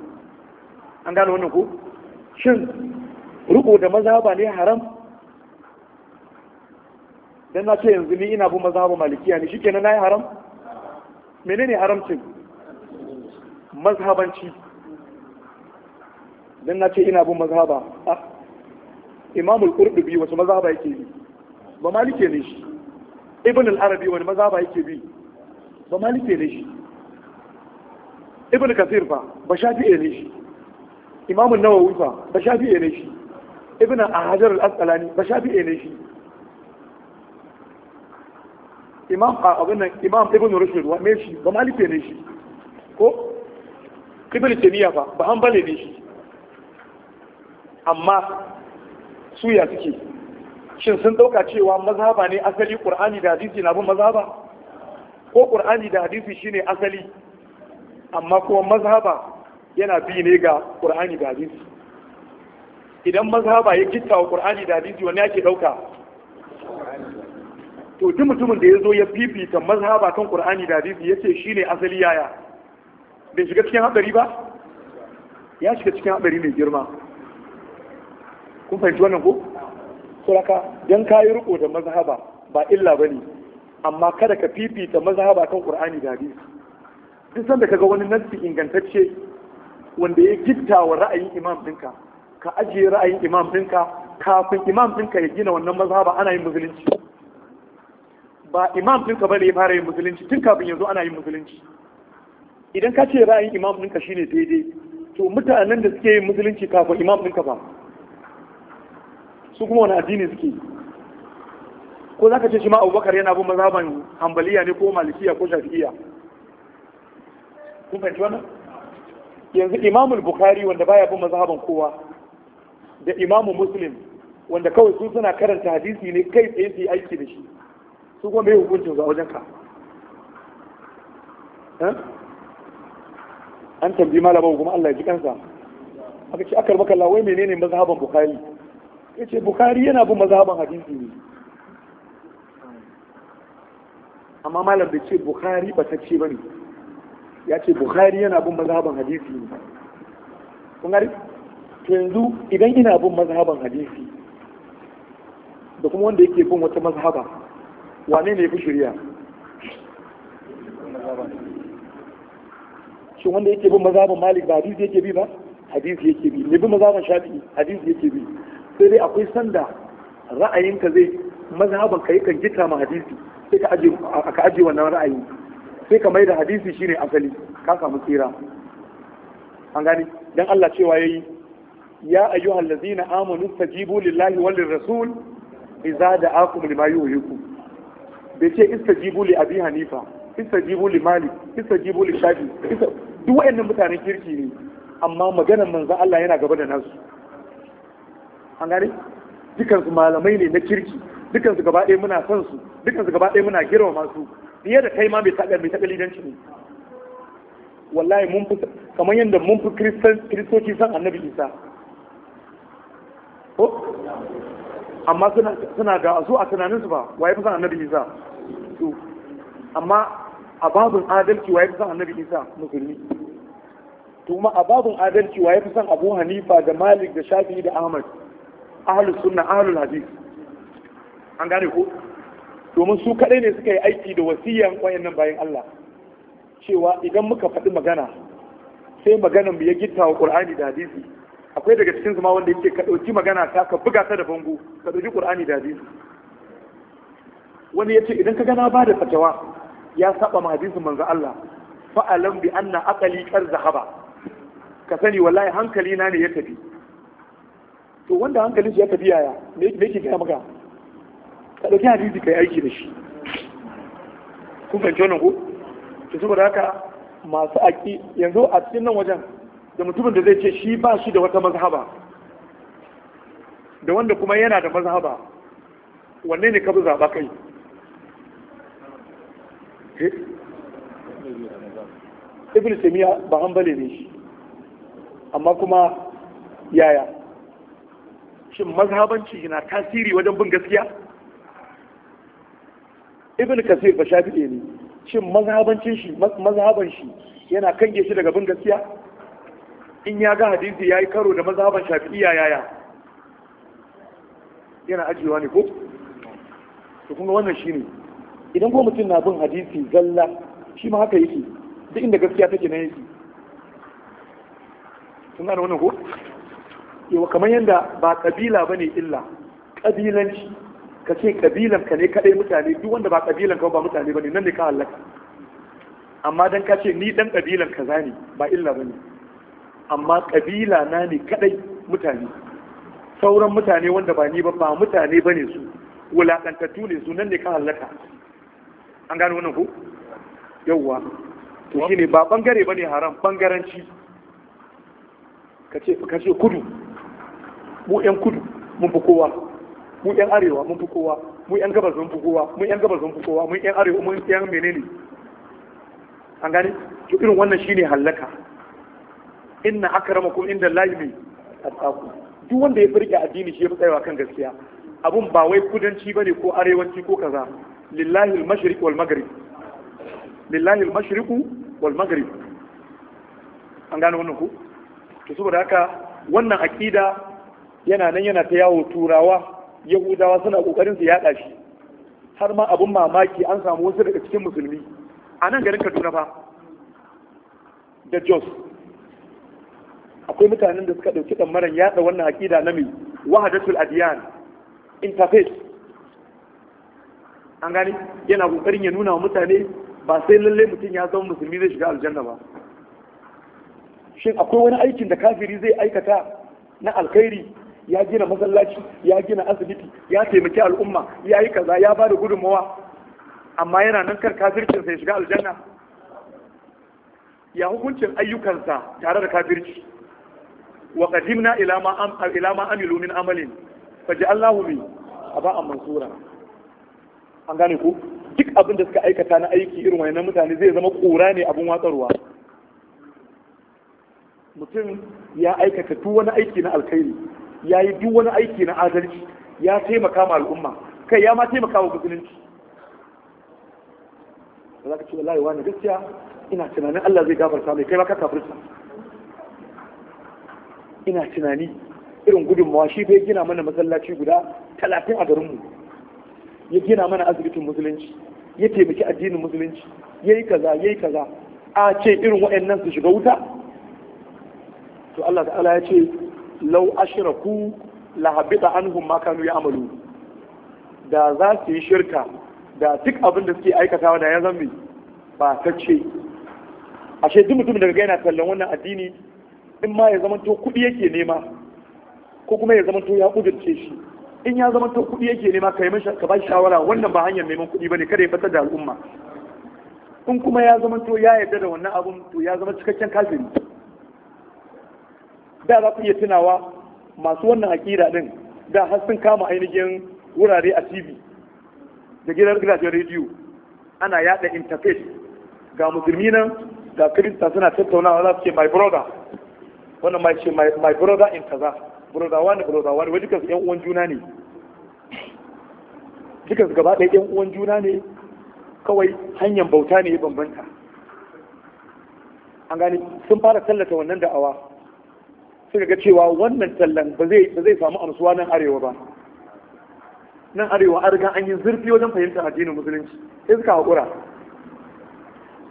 an gano wannan ko shin riko da mazhaba ne haram dan na ce yanzu ni ina bin mazhaba malikiya ne shikenan nayi haram menene haramcin mazhabanci dan na ce ina bin mazhaba imamul qurdubi wasu mazhaba yake bi ba malike ne shi ibn al-arabi wani mazhaba yake bi ba malike ne shi ibn kasir fa ba shafi'e ne shi imam an-nawawi fa ba shafi'e ne shi ibn hajar al-asqalani ba shafi'e ne shi imam abin imam ibn rushd wa me shi ba malike ne shi ko ibn taymiya fa ba hanbali ne shi amma su ya suke shin sun dauka cewa mazhaba ne asali qur'ani da hadisi na bin mazhaba ko qur'ani da hadisi shine asali amma kuma mazhaba yana bi ne ga ƙur'ani da hadisi idan mazhaba ya kitta wa ƙur'ani da hadisi wani yake dauka to duk mutumin da ya zo ya fifita mazhaba kan ƙur'ani da hadisi shi ne asali yaya bai shiga cikin haɗari ba ya shiga cikin haɗari mai girma kun fahimci wannan ko don dan kayi riko da mazhaba ba illa bane amma kada ka fifita mazhaba kan ƙur'ani da hadisi duk sanda kaga wani nassi ingantacce wanda ya gitta wa ra'ayin imam dinka ka ajiye ra'ayin imam dinka kafin imam dinka ya gina wannan mazhaba ana yin musulunci ba imam dinka bane ya fara yin musulunci tun kafin yanzu ana yin musulunci idan ka ce ra'ayin imam dinka shine daidai to mutanen da suke yin musulunci kafin imam dinka ba su kuma wani addini suke ko zaka ce shi ma abubakar yana bin mazhaban hambaliya ne ko malikiya ko shafi'iya kun fahimci wannan yanzu imamul bukhari wanda baya bin mazhaban kowa da imamu muslim wanda kawai su suna karanta hadisi ne kai tsaye su yi aiki da shi su kuma mai hukuncin za wajen ka an tambi malaman kuma Allah ya ji kansa aka ce akar maka lawai menene mazhaban bukhari ya ce bukhari yana bin mazhaban hadisi ne amma malam bai ce bukhari ba ta ce ba ne ya ce bukhari yana bin mazhaban hadisi ne kun gari to yanzu idan ina bin mazhaban hadisi da kuma wanda yake bin wata mazhaba wane ne ya fi shirya shi wanda yake bin mazhaban malik ba hadisi yake bi ba hadisi yake bi ne bin mazhaban shafi'i hadisi yake bi sai dai akwai sanda ra'ayinka zai mazhaban ka yakan gita ma hadisi sai ka aje wannan ra'ayi sai ka mai da hadisi shine asali ka samu tsira an gani dan Allah cewa yayi ya ayyuhal ladzina amanu tajibu lillahi wal rasul idza da'akum lima yuhyikum bai ce istajibu li abi hanifa istajibu li malik istajibu li shafi duk wayannan mutanen kirki ne amma maganar manzon Allah yana gaba da nasu an gani dukansu malamai ne na kirki dukansu gaba ɗaya muna son su dukansu gaba ɗaya muna girmama su fiye da kai ma bai taɓa bai taɓa lidanci ne wallahi mun fi kamar yadda mun fi kristoci san annabi isa ko amma suna ga su a tunaninsu ba waye fi san annabi isa to amma a babin adalci waye fi san annabi isa musulmi to kuma a babin adalci waye fi san abu hanifa da malik da Shafi da ahmad ahlus sunna ahlul hadith an gane ko domin su kaɗai ne suka yi aiki da wasiyan nan bayan Allah cewa idan muka faɗi magana sai maganan mu ya gitta wa Qur'ani da hadisi akwai daga cikin zama wanda yake ka magana ta ka buga ta da bango ka ɗauki Qur'ani da hadisi wani ce idan ka gana ba da fatawa ya saba ma hadisin manzo Allah alam bi anna aqali kar zahaba ka sani wallahi hankali na ne ya tafi to wanda hankalin shi ya tafi yaya me yake gaya maka ka ɗauki hadisi ka yi aiki da shi kun fahimci wannan ko to saboda haka masu aki yanzu a cikin nan wajen da mutumin da zai ce shi ba shi da wata mazhaba da wanda kuma yana da mazhaba wanne ne ka bi zaɓa kai eh? ibn taymiya ba hanbali ne shi amma kuma yaya shin mazhabanci na tasiri wajen bin gaskiya ibn kasir ba shafi'i ne shin mazhabancin shi mazhaban shi yana kange shi daga bin gaskiya in ya ga hadisi yayi karo da mazhaban ya yaya yana ajiyewa ne ko to kuma wannan shine idan ko mutum na bin hadisi zalla shi ma haka yake duk inda gaskiya take nan yake Sun gane wannan ko yawa kamar yadda ba kabila bane illa kabilanci ka ce kabilan ka ne kadai mutane duk wanda ba kabilan ka ba mutane bane nan ne ka halaka amma dan ka ce ni dan kabilan kaza ne ba illa bane amma kabila na ne kadai mutane sauran mutane wanda ba ni ba ba mutane bane su wulakantattu ne su nan ne ka halaka an gano wannan ko yawwa to shine ba bangare bane haram bangaranci Ka ce kudu mu yan kudu mun fi kowa mu yan arewa mun fi kowa mu yan gabas mun fi kowa mu yan gabas mun fi kowa mu yan arewa mun yan menene an gani to irin wannan shine hallaka inna akramakum inda lahi atqaku duk wanda ya firke addini shi ya tsaya tsayawa kan gaskiya abun ba wai kudanci bane ko arewaci ko kaza lillahi al-mashriq wal maghrib lillahi al-mashriq wal maghrib an gane wannan ku to saboda haka wannan akida yana nan yana ta yawo turawa yahudawa suna kokarin su yada shi har ma abun mamaki an samu wasu daga cikin musulmi a nan garin kaduna fa da jos akwai mutanen da suka ɗauki maran yaɗa wannan aƙida na mai wahadatul adiyan interface an gani yana ƙoƙarin ya nuna wa mutane ba sai lalle mutum ya zama musulmi zai shiga aljanna ba shin akwai wani aikin da kafiri zai aikata na alkhairi ya gina masallaci ya gina asibiti ya taimaki al'umma ya yi kaza ya ba da gudunmawa amma yana nan kar kafircin sai shiga aljanna ya hukuncin ayyukansa tare da kafirci wa qadimna ila ma am ila ma amilu min amalin faj'alnahu bi mansura an gane ku duk abin da suka aikata na aiki irin wayannan mutane zai zama kura ne abin watsarwa mutum ya aikata duk wani aiki na alkhairi ya yi duk wani aiki na adalci ya taimaka ma al'umma kai ya ma taimaka wa musulunci za ka ce wallahi wani gaskiya ina tunanin Allah zai gafarta mai kai ma ka kafirta ina tunani irin gudunmawa shi bai gina mana masallaci guda talatin a garinmu ya gina mana asibitin musulunci ya taimaki addinin musulunci ya yi kaza ya yi kaza a ce irin waɗannan su shiga wuta to Allah ta'ala ya ce lau ashraku la habita anhum ma kanu ya'malu da za su yi shirka da duk abin da suke aikatawa da ya zama ba ta ce ashe duk mutumin daga yana kallon wannan addini in ma ya zamanto kuɗi yake nema ko kuma ya zamanto ya kudurce shi in ya zamanto kuɗi yake nema ka yi ka ba shawara wannan ba hanyar neman kuɗi bane kada ya fatar da al'umma in kuma ya zamanto ya yarda da wannan abun to ya zama cikakken kafiri da za ku iya tunawa masu wannan aƙida ɗin da har sun kama ainihin wurare a tv da gidan gidajen rediyo ana yada interface ga musulmi nan ga kirista suna tattaunawa za su ce my brother wannan ma ce my brother in kaza brother wani brother wani wani kansu yan uwan juna ne dukansu gaba ɗaya yan uwan juna ne kawai hanyar bauta ne ya bambanta an gani sun fara tallata wannan da'awa suka ga cewa wannan tallan ba zai samu amsuwa nan arewa ba nan arewa an riga an yi zurfi wajen fahimtar addinin musulunci sai suka haƙura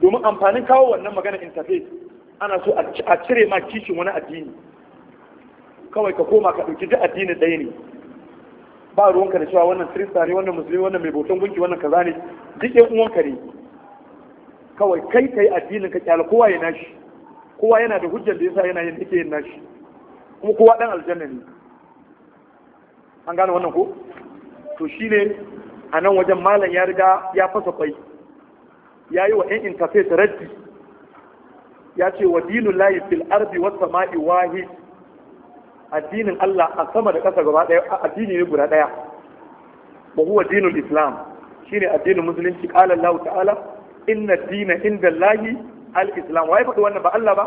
domin amfanin kawo wannan magana interface ana so a cire ma kishin wani addini kawai ka koma ka ɗauki duk addini ɗaya ne ba ruwanka da cewa wannan kirista ne wannan musulmi wannan mai bautan gunki wannan kaza ne duk ɗan uwanka ne kawai kai ka yi addinin ka kyala kowa ya nashi kowa yana da hujjar da yasa yana yin yake yin nashi kuma kowa ɗan aljanna ne an gane wannan ko to shi ne a nan wajen malam ya riga ya fasa kwai ya yi wa yan interface raddi ya ce wa dinu layi fil arbi was sama'i wahid addinin Allah a sama da ƙasa gaba ɗaya addini ne guda ɗaya ba huwa dinul islam shine addinin musulunci qala Allah ta'ala inna dina inda layi al-islam ya faɗi wannan ba Allah ba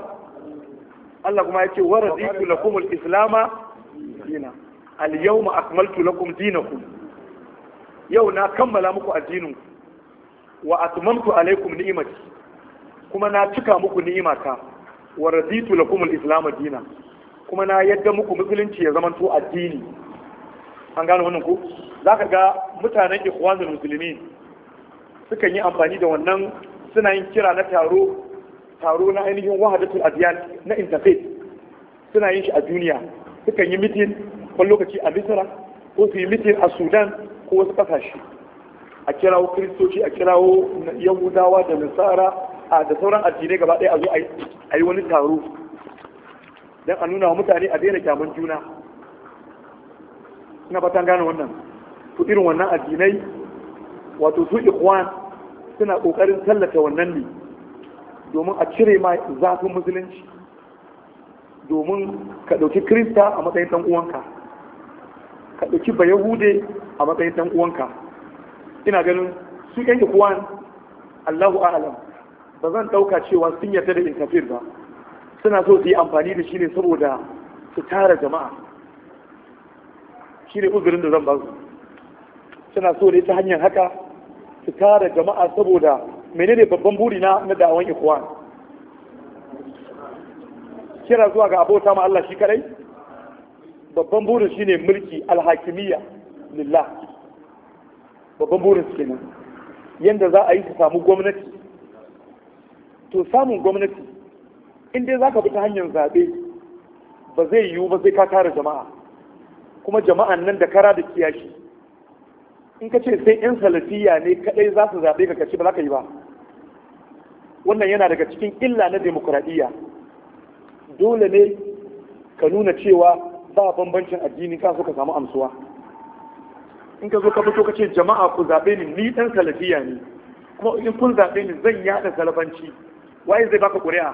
Allah kuma ya ce wa raditu lakum al-islama dina al-yawma akmaltu lakum dinakum yau na kammala muku addinin wa atmamtu alaikum ni'imati kuma na cika muku ni'imata wa raditu lakum al-islamu dina kuma na yadda muku musulunci ya zamanto addini an gano wannan ku zaka ga mutanen ikhwanul muslimin sukan yi amfani da wannan suna yin kira na taro taro na ainihin wahadatul adiyan na interfaith suna yin shi a duniya sukan yi mitin kwan lokaci a Misira ko su yi mitin a sudan ko wasu kasashe a kirawo kiristoci a kirawo yahudawa da nasara a da sauran addinai gaba ɗaya a zo a yi wani taro don a nuna wa mutane a daina kyaman juna ina fatan gane wannan to irin wannan addinai wato su ikwan suna ƙoƙarin tallata wannan ne domin a cire ma zafin musulunci domin ka ɗauki kirista a matsayin ɗan uwanka ka ɗauki bayahude a matsayin ɗan uwanka ina ganin su yan ikwan Allahu a'lam ba zan ɗauka cewa sun yarda da intafir ba suna so su yi amfani da shi ne saboda su tara jama'a shi ne uzurin da zan ba su suna so ne ta hanyar haka su tara jama'a saboda menene babban buri na na da'awan ikwan kira zuwa ga abota ma Allah shi kadai babban burin shine mulki alhakimiyya lillah babban burin su kenan yanda za a yi su samu gwamnati to samun gwamnati in dai zaka bi ta hanyar zabe ba zai yiwu ba sai ka kare jama'a kuma jama'an nan da kara da kiyashi in ka ce sai 'yan salafiya ne kadai za su zaɓe ka kaci ba za ka yi ba wannan yana daga cikin illa na demokuraɗiyya dole ne ka nuna cewa ba bambancin addini ka so ka samu amsuwa in ka zo ka fito ka ce jama'a ku zaɓe ni ni ɗan salafiya ne kuma in kun zaɓe ni zan yaɗa salafanci waye zai baka ƙuri'a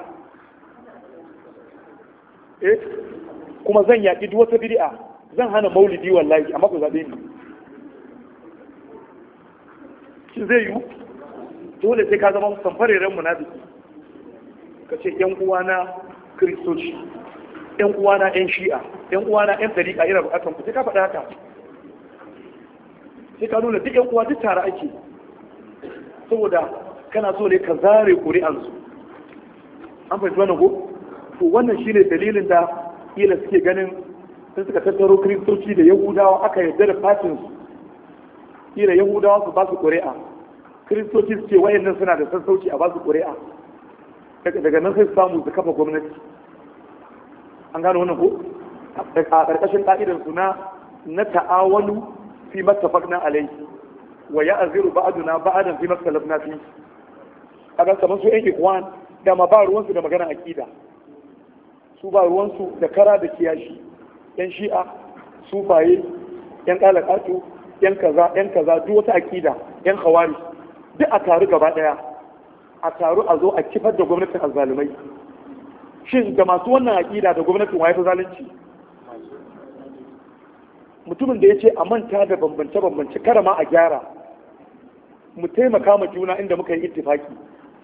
eh kuma zan yaƙi duk wata bid'a zan hana maulidi wallahi amma ku zaɓe ni Shi zai yiwu dole sai ka zama samfareren munafiki ka ce yan uwana kristoci yan uwana yan shi'a yan uwana yan dariƙa ina buƙatar ku sai ka faɗa haka sai ka nuna duk yan uwa duk tare ake saboda kana so ne ka zare ƙuri'ansu an fahimci wannan ko to wannan shine dalilin da ila suke ganin sun suka tattaro kristoci da yahudawa aka yarda da fatin su kila yahudawa su ba su ƙuri'a kiristoci su ce nan suna da sassauci a basu ƙuri'a daga nan sai samu su kafa gwamnati an gano wannan ko a ƙarƙashin ƙa'idar su na ta'awalu fi mattafaqna alai wa ya'ziru ba'duna ba'dan fi mattalafna fi ga kamar su yan ikwan da ma ba ruwansu da magana aqida su ba ruwansu da kara da kiyashi yan shi'a sufaye yan kalakatu yan kaza yan kaza duk wata aqida yan khawari duk a taru gaba daya a taru a zo a kifar da gwamnatin azzalumai shin da masu wannan aƙida da gwamnatin wa fi zalunci mutumin da ya ce a manta da bambance-bambance kada ma a gyara mu taimaka ma juna inda muka yi ittifaki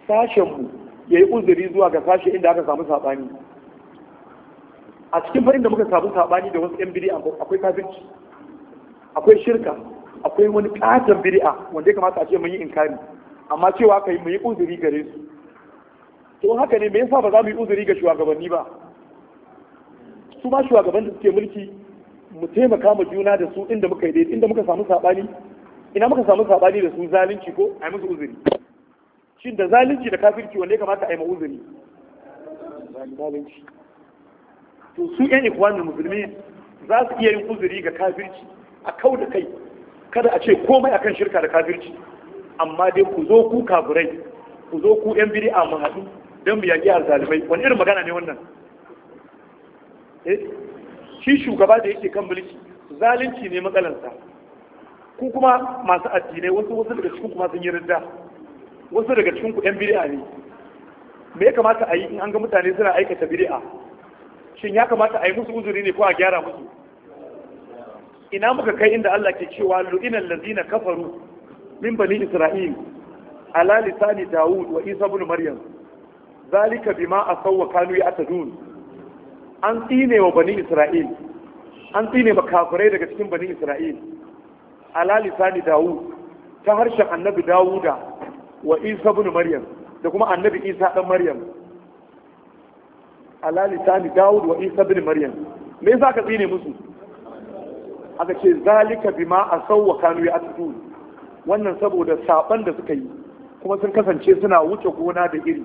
sashenmu ya yi uzuri zuwa ga sashe inda aka samu saɓani a cikin farin da muka samu saɓani da wasu 'yan biri akwai kafirci akwai shirka akwai wani katon bid'a wanda ya kamata a ce mun yi inkari amma cewa kai mu yi uzuri gare su to haka ne me yasa ba za mu yi uzuri ga shugabanni ba su ma shugaban da suke mulki mu taimaka mu juna da su inda muka yi inda muka samu sabani ina muka samu sabani da su zalunci ko a yi musu uzuri shin da zalunci da kafirci wanda ya kamata a yi ma uzuri zalunci to su yan ikwanin musulmi za su iya yin uzuri ga kafirci a kau da kai kada a ce komai akan shirka da kafirci amma dai ku zo ku kafirai ku zo ku yan bid'a mu haɗu don mu yaƙi alzalimai wani irin magana ne wannan eh, shi shugaba da yake kan mulki zalunci ne matsalansa ku kuma masu addinai wasu wasu daga cikin kuma sun yi ridda wasu daga cikin ku yan bid'a ne me ya kamata a yi in an ga mutane suna aikata bid'a shin ya kamata a yi musu uzuri ne ko a gyara musu ina muka kai inda Allah ke cewa lu'inan lazina kafaru min bani isra'il ala lisani daud wa isa ibn maryam zalika bima asawwa kanu ya'tadun an tsine wa bani isra'il an tsine ba kafirai daga cikin bani isra'il ala lisani daud ta harshen annabi dawuda wa isa ibn maryam da kuma annabi isa dan maryam ala lisani daud wa isa ibn maryam me yasa ka tsine musu aka ce zalika bima a sauwa kanu ya'tudun wannan saboda saban da suka yi kuma sun kasance suna wuce gona da iri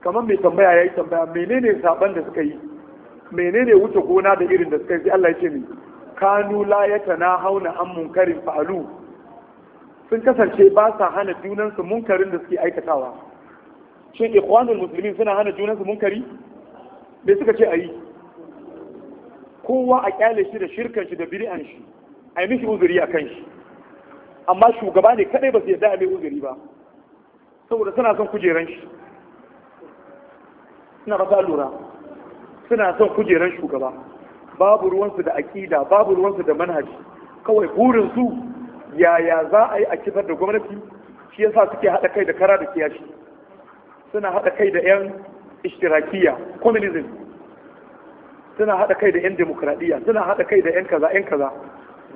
kamar mai tambaya yayi tambaya menene saban da suka yi menene wuce gona da irin da suka yi Allah ya ce ni kanu la hauna an munkarin fa'alu sun kasance ba sa hana junansu munkarin da suke aikatawa shin ikhwanul muslimin suna hana junansu munkari me suka ce ayi kowa a kyale shi da shirkan shi da bid'an shi a yi mishi uzuri a kan shi amma shugaba ne kadai ba su yarda a mai uzuri ba saboda suna son kujeran shi suna ba lura suna son kujeran shugaba babu ruwansu da aƙida babu ruwansu da manhaji kawai burinsu yaya za a yi a kifar da gwamnati shi yasa suke haɗa kai da kara da kiyashi suna haɗa kai da 'yan ishtirakiya communism suna haɗa kai da 'yan demokradiyya suna haɗa kai da 'yan kaza 'yan kaza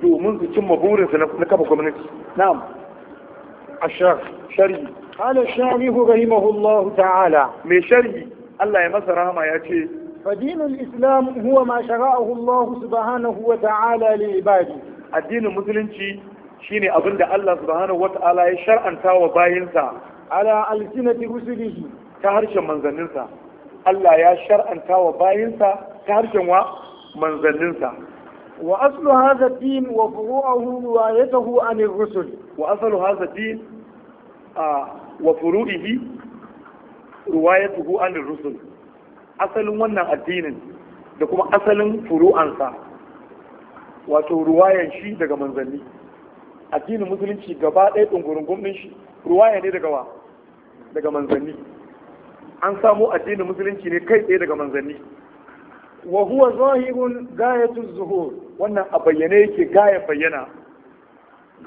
domin su cimma burinsu na kafa gwamnati na'am a shari'i ala shari'i ku gani mahullahu ta'ala mai sharhi? Allah ya masa rahama ya ce fadinul islam huwa ma shara'ahu Allah subhanahu wa ta'ala li ibadi addinin musulunci shine abinda da Allah subhanahu wa ta'ala ya shar'anta wa bayinsa ala alsinati rusulihi ta harshen manzanninsa Allah ya shar'anta wa bayinsa ta harshen wa manzanninsa wa aslu hadha din wa furu'uhu riwayatuhu an ar-rusul wa aslu hadha din wa furu'ihi riwayatuhu an ar-rusul asalin wannan addinin da kuma asalin furu'ansa wato ruwayan shi daga manzanni addinin musulunci gaba ɗaya ɗungurungun ɗin shi ruwaya ne daga wa daga manzanni an samo addinin musulunci ne kai tsaye daga manzanni wa huwa zahirun gayatul zuhur wannan a bayyane yake gaya bayyana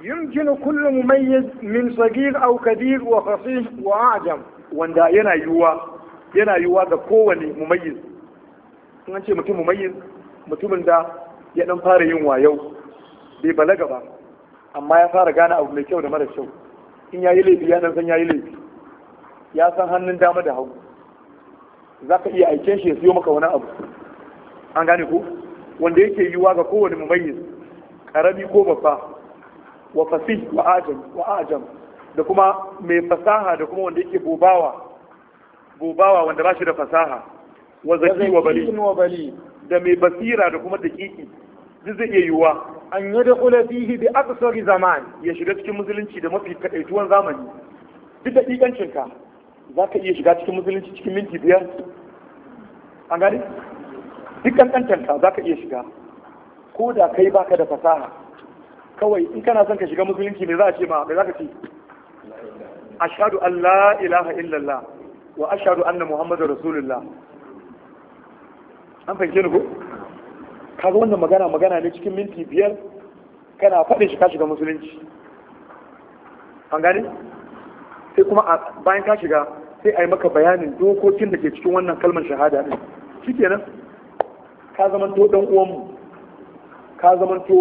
yumkinu kullu mumayyiz min sagir aw kabir wa fasih wa ajam wanda yana yuwa yana yuwa ga kowane mumayyiz in an ce mutum mumayyiz mutumin da ya dan fara yin wayau bai balaga ba amma ya fara gane abu mai kyau da mara kyau in yayi laifi ya dan san yayi laifi ya san hannun dama da hagu zaka iya aikin shi ya siyo maka wani abu an gane ko wanda yake yiwa ga kowane mabayin karami ko babba wa fasih wa ajam wa ajam da kuma mai fasaha da kuma wanda yake bobawa bobawa wanda ba shi da fasaha wa zaki wa bali da mai basira da kuma dakiki duk zai iya yiwuwa an yi da kula fihi bi aksari zaman ya shiga cikin musulunci da mafi kadaituwan zamani duk dakikancinka za ka iya shiga cikin musulunci cikin minti biyar an gane duk kankantanta za ka iya shiga ko da kai baka da fasaha kawai in kana son ka shiga musulunci me za a ce ma me za ka ce ashhadu an la ilaha illallah wa ashhadu anna muhammadar rasulullah an fahimce ni ko kaga wannan magana magana ne cikin minti biyar kana faɗin shi ka shiga musulunci an gane sai kuma bayan ka shiga sai a yi maka bayanin dokokin da ke cikin wannan kalmar shahada ne shikenan ka zamanto dan mu ka zamanto to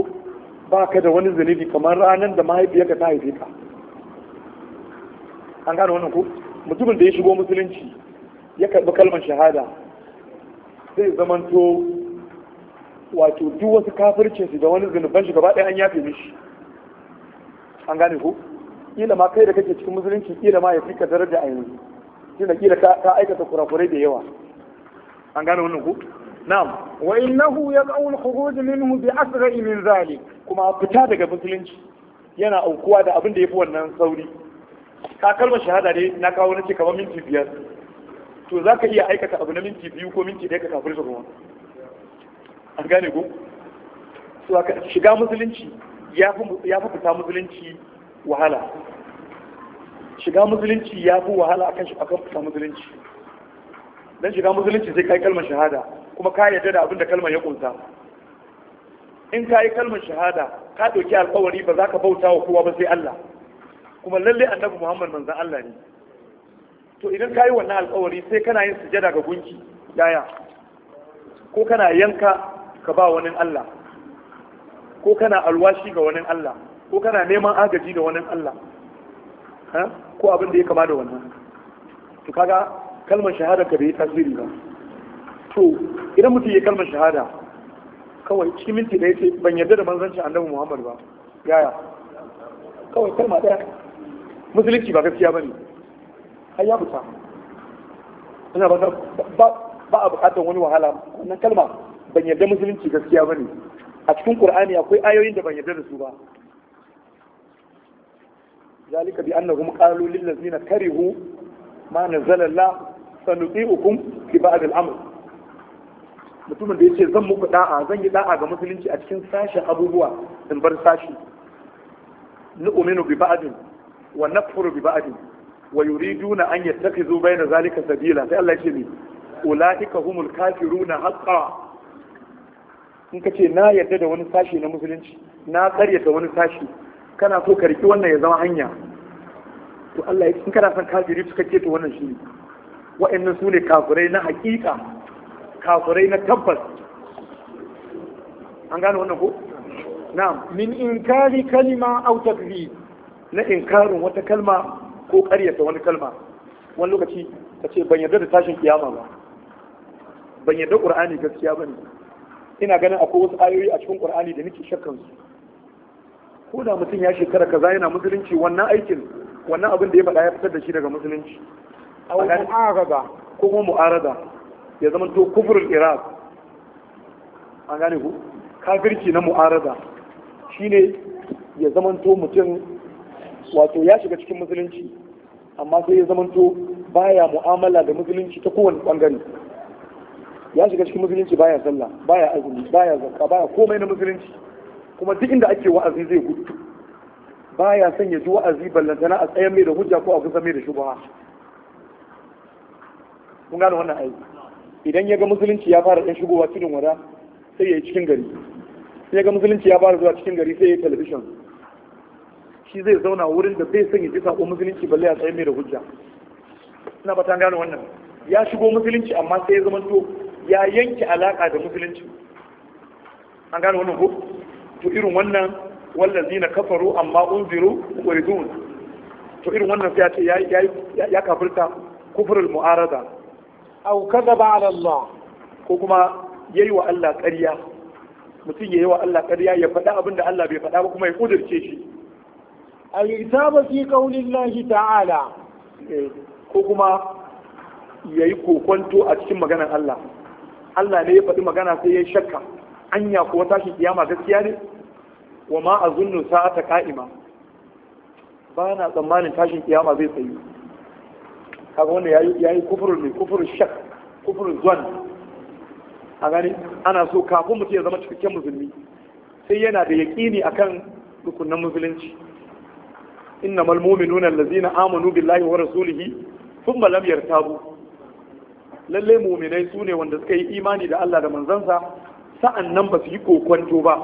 baka da wani zunubi kamar ranar da mahaifiyarka ta haife ka an gane wannan ko mutumin da ya shigo musulunci ya karɓi kalmar shahada zai zamanto wato duk wasu kafircin da wani zunuban shi gaba ɗaya an yafe mishi an gane ko kila ma kai da kake cikin musulunci kila ma ya fi ka daraja a yanzu kila kila ka aikata kurakurai da yawa an gane wannan ko na'am wa innahu yaqau al-khuruj minhu bi asra'i min zalik kuma fita daga musulunci yana aukuwa da abin da yafi wannan sauri ka kalma shahada dai na kawo na ce kamar minti biyar to za ka iya aikata abu na minti biyu ko minti da ya kafin su kuma A gane ku. ko so shiga musulunci ya fi fita musulunci wahala shiga musulunci ya fi wahala akan akan fita musulunci dan shiga musulunci sai ka yi kalmar shahada kuma ka yarda da abin da kalmar ya kunsa in ka yi kalmar shahada ka ɗauki alkawari ba za ka bauta wa kowa ba sai Allah kuma lalle annabi Muhammad manzon Allah ne to idan ka yi wannan alkawari sai kana yin sujada ga gunki yaya ko kana yanka ka ba wani Allah ko kana alwashi ga wani Allah ko kana neman agaji ga wani Allah ko abin da ya kama da wannan to kaga kalmar shahada ka bai tasiri ba to idan mutum ya kalmar shahada kawai cikin minti da ce ban yarda da manzanci annabi Muhammad ba yaya kawai kalma daya musulunci ba gaskiya bane har ya fita ina ba ba a bukatar wani wahala wannan kalma ban yarda musulunci gaskiya bane a cikin Qur'ani akwai ayoyin da ban yarda da su ba ذلك بأنهم قالوا للذين كرهوا ما نزل الله سنطيعكم في بعض الأمر mutumin da ya ce zan muku da'a zan yi da'a ga musulunci a cikin sashen abubuwa in bar sashi uminu bi ba'adin wa nakfuru bi ba'adin wa yuriduna an yattakhidhu bayna zalika sabila sai Allah ya ce ni ulaika humul kafiruna haqqan in ka ce na yarda da wani sashi na musulunci na karyata wani sashi kana so ka riki wannan ya zama hanya to Allah ya in kana son kafiri suka ce to wannan shi ne wa'annan su ne kafirai na hakika kafirai na tabbas an gane wannan ko na'am min inkari kalima aw takdhib na inkarin wata kalma ko ƙaryata wani kalma wani lokaci ka ce ban yarda da tashin kiyama ba ban yarda qur'ani gaskiya bane ina ganin akwai wasu ayoyi a cikin qur'ani da nake shakkan su ko da mutum ya shekara kaza yana musulunci wannan aikin wannan abin da ya faɗa ya fitar da shi daga musulunci a mu'arada ko kuma mu'arada ya zama to kufurin iraq an gane ku kafirci na mu'arada shine ya zama to mutum wato ya shiga cikin musulunci amma sai ya zama to baya mu'amala da musulunci ta kowane bangare ya shiga cikin musulunci baya sallah baya azumi baya zakka baya komai na musulunci kuma duk inda ake wa'azi zai gudu baya son ya ji wa'azi ballantana a tsayan mai da hujja ko a kusa mai da shubha kun gane wannan aiki idan ya ga musulunci ya fara ɗan shigowa cikin wada sai ya yi cikin gari sai ga musulunci ya fara zuwa cikin gari sai ya yi talabishin shi zai zauna wurin da zai sanya jisa ko musulunci balle a tsaye mai da hujja ina ba ta gano wannan ya shigo musulunci amma sai ya zama to ya yanke alaka da musulunci an gano wannan ko to irin wannan wallazi na kafaru amma unziru waridun to irin wannan sai ya ce ya kafirta kufurul mu'arada aw kadaba ala Allah ko kuma yayi wa Allah ƙarya mutum yayi wa Allah ƙarya ya faɗa abin da Allah bai faɗa ba kuma ya kudirce shi al-kitaba fi qaulillahi ta'ala ko kuma yayi kokonto a cikin maganar Allah Allah ne ya faɗi magana sai ya shakka anya ko tashi kiyama gaskiya ne wa ma azunnu sa'ata qa'ima ba na tsammanin tashin kiyama zai tsayu kaga wanda yi kufurin ne kufurin shak kufurin zuwan a gani ana so kafin mutum ya zama cikakken musulmi sai yana da yaƙini akan rukunan musulunci Inna innamal mu'minuna allazina amanu billahi wa rasulihi thumma lam yartabu lalle mu'minai su ne wanda suka yi imani da Allah da manzansa sa'an nan ba su yi kokonto ba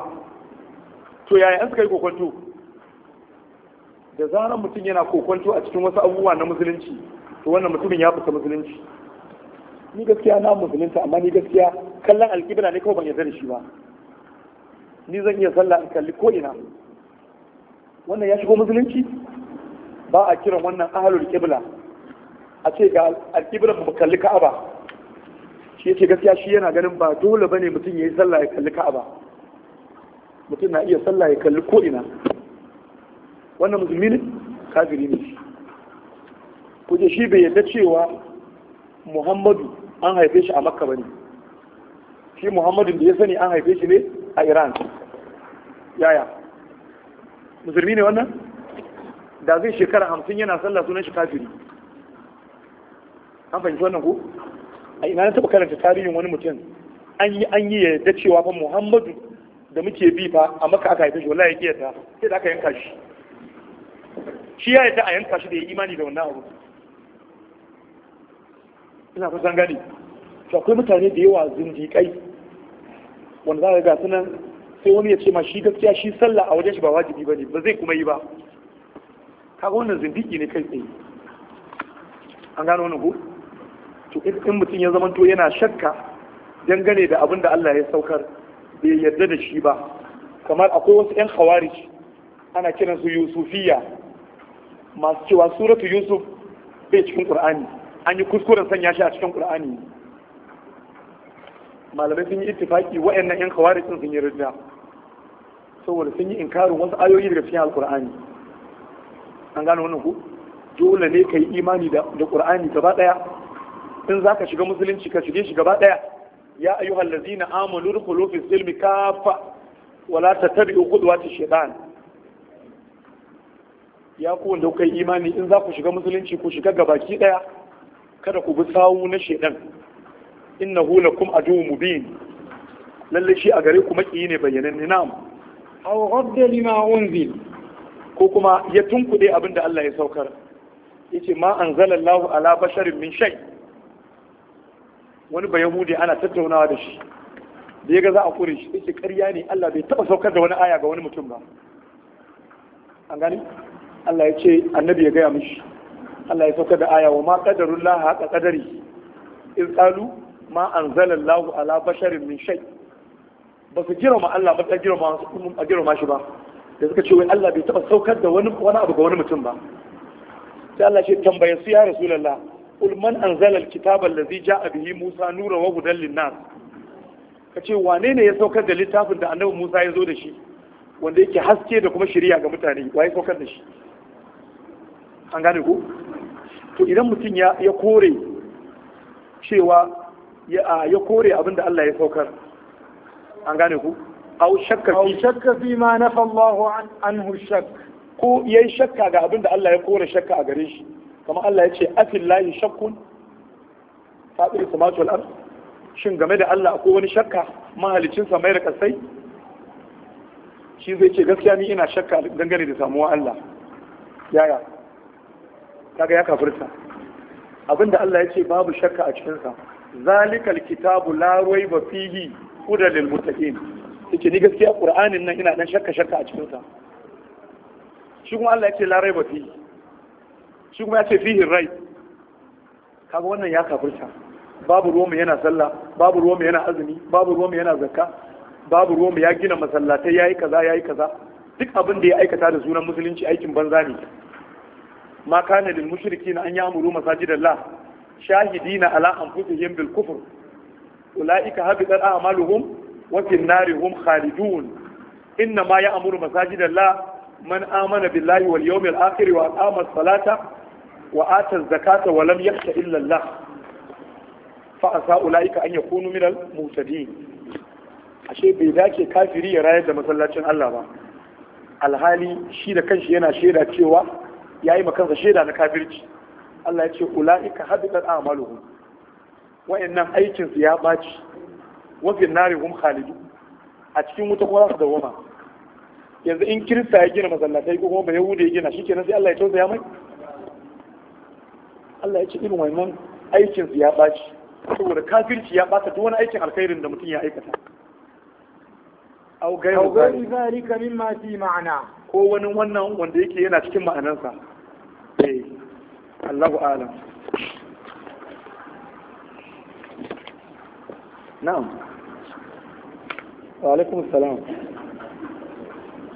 to yaya an suka yi kokonto da zarar mutum yana kokonto a cikin wasu abubuwa na musulunci to wannan mutumin ya fita musulunci ni gaskiya na musulunta amma ni gaskiya kallon alƙibla ne kawai ban yarda da shi ba ni zan iya sallah in kalli ko ina wannan ya shigo musulunci ba a kiran wannan ahalul kibla a ce ga alqibla mu kalli ka'aba shi yace gaskiya shi yana ganin ba dole bane mutum yayi sallah ya kalli ka'aba mutum na iya sallah ya kalli ko ina wannan musulmi ne kafiri ne kuje shi bai yadda cewa muhammadu an haife shi a makka ba ne shi Muhammadu da ya sani an haife shi ne a iran yaya musulmi ne wannan da zai shekara hamsin yana sallah sunan shi kafiri an fahimci wannan ko a ina na taɓa karanta tarihin wani mutum an yi an yi yadda cewa fa muhammadu da muke bi fa a maka aka haife shi wallahi ya kiyata sai da aka yanka shi shi ya yadda a yanka shi da ya imani da wannan abu ina kusan gani to akwai mutane da yawa zindiƙai wanda za ka ga sunan sai wani ya ce ma shi gaskiya shi sallah a wajen shi ba wajibi bane ba zai kuma yi ba kaga wannan zindiki ne kai tsaye an gano wani ko to in mutum ya zamanto yana shakka dangane da abin da Allah ya saukar bai yarda da shi ba kamar akwai wasu yan khawarij ana kiransu yusufiya masu cewa suratu yusuf bai cikin qur'ani an yi kuskuren sanya shi a cikin qur'ani malamai sun yi ittifaki wa'annan yan kawari sun yi ridda saboda sun yi inkarin wasu ayoyi daga cikin alqur'ani an gane wannan ku dole ne ka yi imani da qur'ani gaba daya in zaka shiga musulunci ka shige shi gaba daya ya ayyuhal ladzina amanu dukhulu fi silmi kafa wala tattabi'u qudwati shaytan ya ku wanda kuka yi imani in za ku shiga musulunci ku shiga gabaki daya kada ku bi sawu na shedan innahu lakum adu mubin lalle shi a gare ku maki ne bayanan na'am aw radda lima unzil ko kuma ya tunkuɗe abin da Allah ya saukar yace ma anzalallahu ala basharin min shay wani bayahudi ana tattaunawa da shi da ya ga za a kure shi yace ƙarya ne Allah bai taba saukar da wani aya ga wani mutum ba an gani Allah ya ce annabi ya gaya mishi Allah ya sauka da aya wa ma qadarullah haqa kadari in tsalu ma an anzalallahu ala basharin min sha'i. ba su girma Allah ba ta girma su a girma shi ba da suka ce wai Allah bai taba saukar da wani wani abu ga wani mutum ba sai Allah ya tambaye su ya rasulullah qul man anzala alkitaba allazi ja'a bihi musa nura wa hudan linnas kace wane ne ya saukar da littafin da annabi Musa ya zo da shi wanda yake haske da kuma shirya ga mutane waye saukar da shi an gane ku to idan mutum ya kore cewa ya kore abin da Allah ya saukar an gane ku au shakka fi shakka fi ma nafa Allah anhu shak ko yayi shakka ga abin da Allah ya kore shakka a gare shi kamar Allah ya ce afillahi shakkun fadir samatu al-ard shin game da Allah akwai wani shakka mahalicin samai da kasai shi zai ce gaskiya ni ina shakka dangane da samuwa Allah yaya kaga ya kafirta abinda Allah ya ce babu shakka a cikin sa zalikal kitabu la raiba fihi hudan lil muttaqin yake ni gaskiya qur'anin nan ina dan shakka shakka a cikin sa shi kuma Allah ya ce la ba fihi shi kuma ya ce fihi rai kaga wannan ya kafirta babu ruwa yana sallah babu ruwa yana azumi babu ruwa yana zakka babu ruwa ya gina masallatai yayi kaza yayi kaza duk abin da ya aikata da sunan musulunci aikin banza ne ma kana lil mushrikin an ya'muru masajidallah shahidina ala anfusihim bil kufr ulaika habitat a'maluhum wa fi narihum khalidun inna ma ya'muru masajidallah man amana billahi wal yawmil akhir wa aqama as-salata wa ata az-zakata wa lam yakhsha illa Allah fa asa ulaika an yakunu minal muhtadin ashe bai dace kafiri ya rayar da masallacin Allah ba alhali shi da kanshi yana shaida cewa ya yi kansa shaida na kafirci Allah ya ce ulaika habitat a'maluhum wa'annan aikin su ya baci wa fi hum khalidu a cikin wuta kuma za su dawoma yanzu in kirista ya gina masallatai ko kuma bayahude ya gina shikenan sai Allah ya tausaya mai Allah ya ce irin wannan aikin su ya baci saboda kafirci ya baka duk wani aikin alkhairin da mutum ya aikata أو غير ذلك مما في معناه ko wani wannan wanda yake yana cikin ma'anansa eh, Allahu alam na'am wa alaikum salam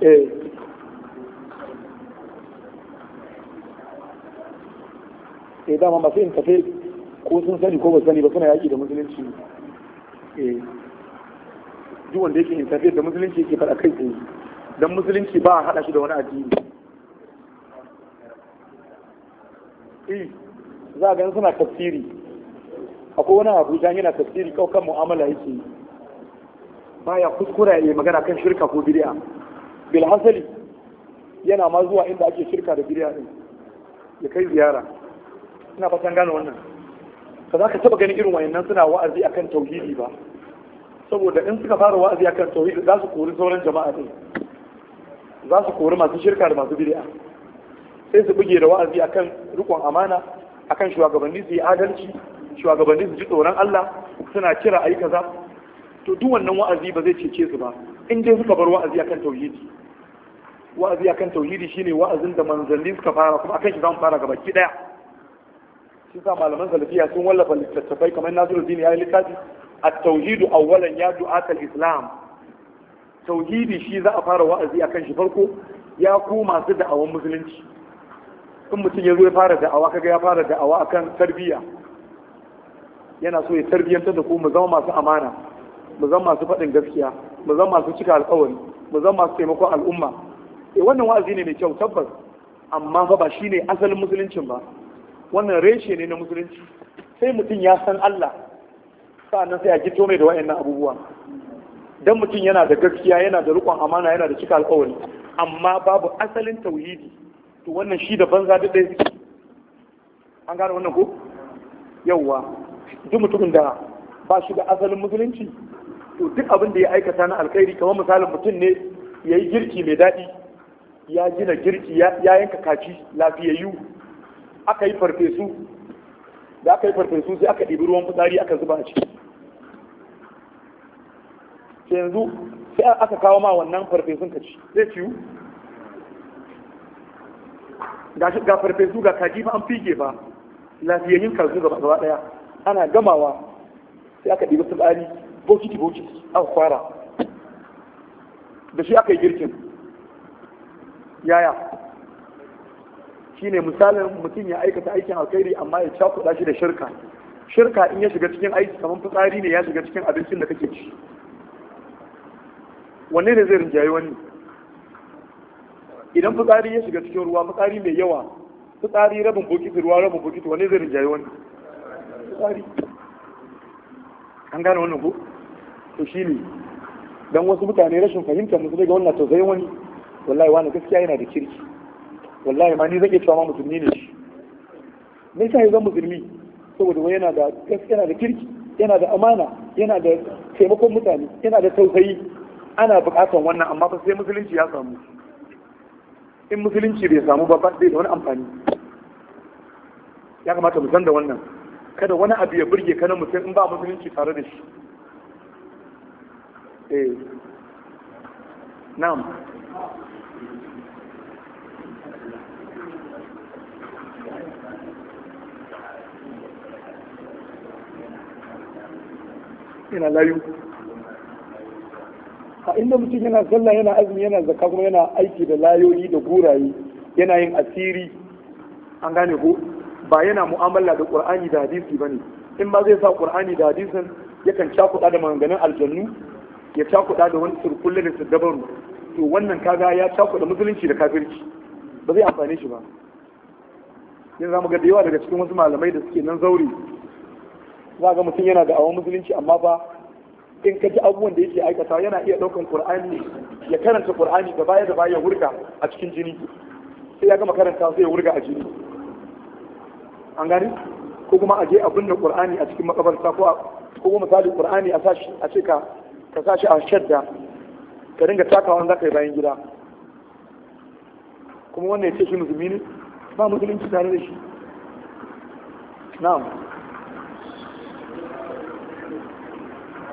eh eh dama masu yin tafe ko sun sani ko ba sani ba suna yaƙi da musulunci eh duk wanda yake yin tafe da musulunci yake faɗa kai tsaye don musulunci ba a haɗa shi da wani addini za a gan suna tafsiri akwai wani abuja yana tafsiri kaukan mu'amala yake yi baya kuskura ya magana kan shirka ko bid'a bil hasali yana ma zuwa inda ake shirka da bid'a din ya kai ziyara ina fatan gane wannan Ka za ka taba ganin irin wayannan suna wa'azi akan tauhidi ba saboda in suka fara wa'azi akan tauhidi za su kori sauran jama'a din za su kori masu shirka da masu bid'a sai su buge da wa'azi akan rikon amana akan shugabanni su yi adalci shugabanni su ji tsoron Allah suna kira ayi kaza to duk wannan wa'azi ba zai cece su ba in dai suka bar wa'azi akan tauhidi wa'azi akan tauhidi shine wa'azin da manzanni suka fara kuma akan shi za mu fara gaba ki daya shi sa malaman salafiya sun wallafa littattafai kamar Nasiruddin ya yi littafi at-tauhidu awwalan ya du'atul islam tauhidi shi za a fara wa'azi a kan shi farko ya ku masu da'awan musulunci in mutum ya zo ya fara da'awa kaga ya fara da'awa akan tarbiyya yana so ya tarbiyyantar da ku mu zama masu amana mu zama masu faɗin gaskiya mu zama masu cika alƙawari mu zama masu taimakon al'umma E, wannan wa'azi ne mai kyau tabbas amma fa ba shine asalin musuluncin ba wannan reshe ne na musulunci sai mutum ya san Allah sa'annan sai a gito mai da wa'annan abubuwa dan mutum yana da gaskiya yana da rikon amana yana da cika alƙawari amma babu asalin tauhidi to wannan shi da banza da ɗaya suke an gane wannan ko yawwa duk mutumin da ba shi da asalin musulunci to duk abin da ya aikata na alkhairi kamar misalin mutum ne ya yi girki mai daɗi ya gina girki ya yanka kaci lafiyayyu aka yi farfesu da aka yi farfesu sai aka ɗibi ruwan fitsari aka zuba a ciki yanzu sai aka kawo ma wannan farfesun ka ci zai ciwu ga farfesu ga kaji ba an fige ba lafiyayyin kazu gaba gaba daya ana gamawa sai aka ɗiba su tsari bokiti bokiti aka fara. da shi aka yi girkin yaya shi ne misalin mutum ya aikata aikin alkhairi amma ya cakuɗa shi da shirka shirka in ya shiga cikin aiki kamar fitsari ne ya shiga cikin abincin da kake ci wanne ne zai rinjaye wani idan fitsari ya shiga cikin ruwa fitsari mai yawa fitsari rabin bokiti ruwa rabin bokiti wanne zai rinjaye wani fitsari an gane wannan ko to shi ne don wasu mutane rashin fahimtar musu daga wannan tausayin wani wallahi wani gaskiya yana da kirki wallahi ma ni zan iya cewa ma musulmi ne shi me yasa zan musulmi saboda wai yana da gaskiya yana da kirki yana da amana yana da taimakon mutane yana da tausayi ana bukatar wannan amma ba sai musulunci ya samu in musulunci bai samu ba bai da wani amfani ya kamata mu san da wannan kada wani abu ya burge ka na mutum in ba musulunci tare da shi eh na'am ina layu a inda mutum yana sallah yana azumi yana zaka kuma yana aiki da layoyi da guraye yana yin asiri an gane ko ba yana mu'amala da qur'ani da hadisi bane in ba zai sa qur'ani da hadisin yakan cakuɗa da maganganun aljannu ya cakuɗa da wani surkulle da sadabaru to wannan kaga ya cakuda musulunci da kafirci ba zai amfane shi ba yanzu zamu ga da yawa daga cikin wasu malamai da suke nan zaure za ga mutum yana da awon musulunci amma ba in ka ji abubuwan da yake aikata yana iya ɗaukan Qur'ani ya karanta Qur'ani da baya da baya wurga a cikin jini sai ya gama karanta sai ya wurga a jini an gani ko kuma a je a da Qur'ani a cikin makabarta ko ko kuma misali Qur'ani a sashi a ce ka ka sashi a shadda ka dinga takawa za ka yi bayan gida kuma wannan ya ce shi musulmi ne ba musulunci tare da shi na'am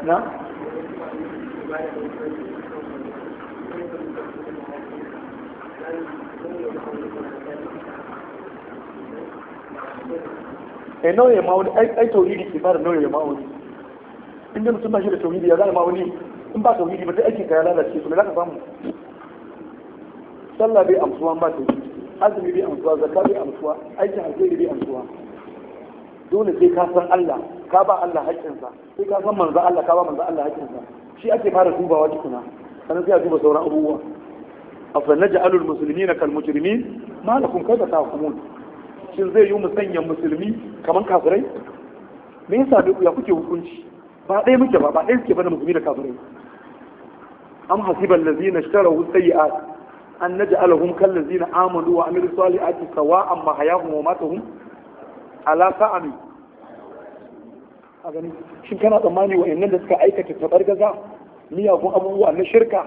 na'am eh nauyin ma'auni ai tauhidi ke fara nauyin ma'auni in da mutum ba shi da tauhidi ya zama ma'auni in ba tauhidi ba ta aikin ka ya lalace su ne za ka samu sallah bai amsuwa ba tauhidi azumi bai amsuwa zakka bai amsuwa aikin alheri bai amsuwa dole sai ka san Allah ka ba Allah haƙƙinsa sai ka san manzo Allah ka ba manzo Allah haƙƙinsa shi ake fara dubawa tukuna sannan sai a duba sauran abubuwa afanaja alul musulmi na kal mujrimin malakum kaifa tahkumun shin zai yi musanyan musulmi kaman kafirai me yasa duk ya kuke hukunci ba ɗaya muke ba ba ɗaya suke bane musulmi da kafirai am hasibal ladzina ishtarahu sayyi'at an naj'alahum kal ladzina amanu wa amilus salihati sawa'an mahayahum wa matahum ala sa'ami a gani shin kana tsammani wa'annan da suka aikata gaza miyagun abubuwa na shirka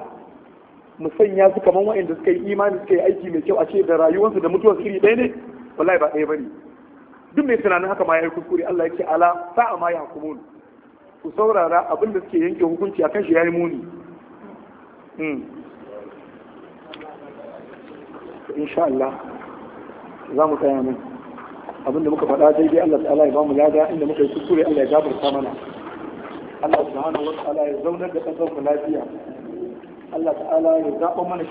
mu sanya su kamar wa'anda suka yi imani suka yi aiki mai kyau a ce da rayuwarsu da mutuwar iri ɗaya ne wallahi ba ɗaya bane duk mai tunanin haka ma ya yi kuskure Allah yake ala sa'a ma ya hukumun ku saurara abin da suke yanke hukunci akan shi ya yi muni hmm. insha Allah za mu tsaya mai abinda muka faɗa daidai Allah ta'ala ya ba mu lada inda muka yi kuskure Allah ya gafarta mana Allah subhanahu wa ta'ala ya zauna da kasar mu lafiya Allah ta'ala ya zaɓa mana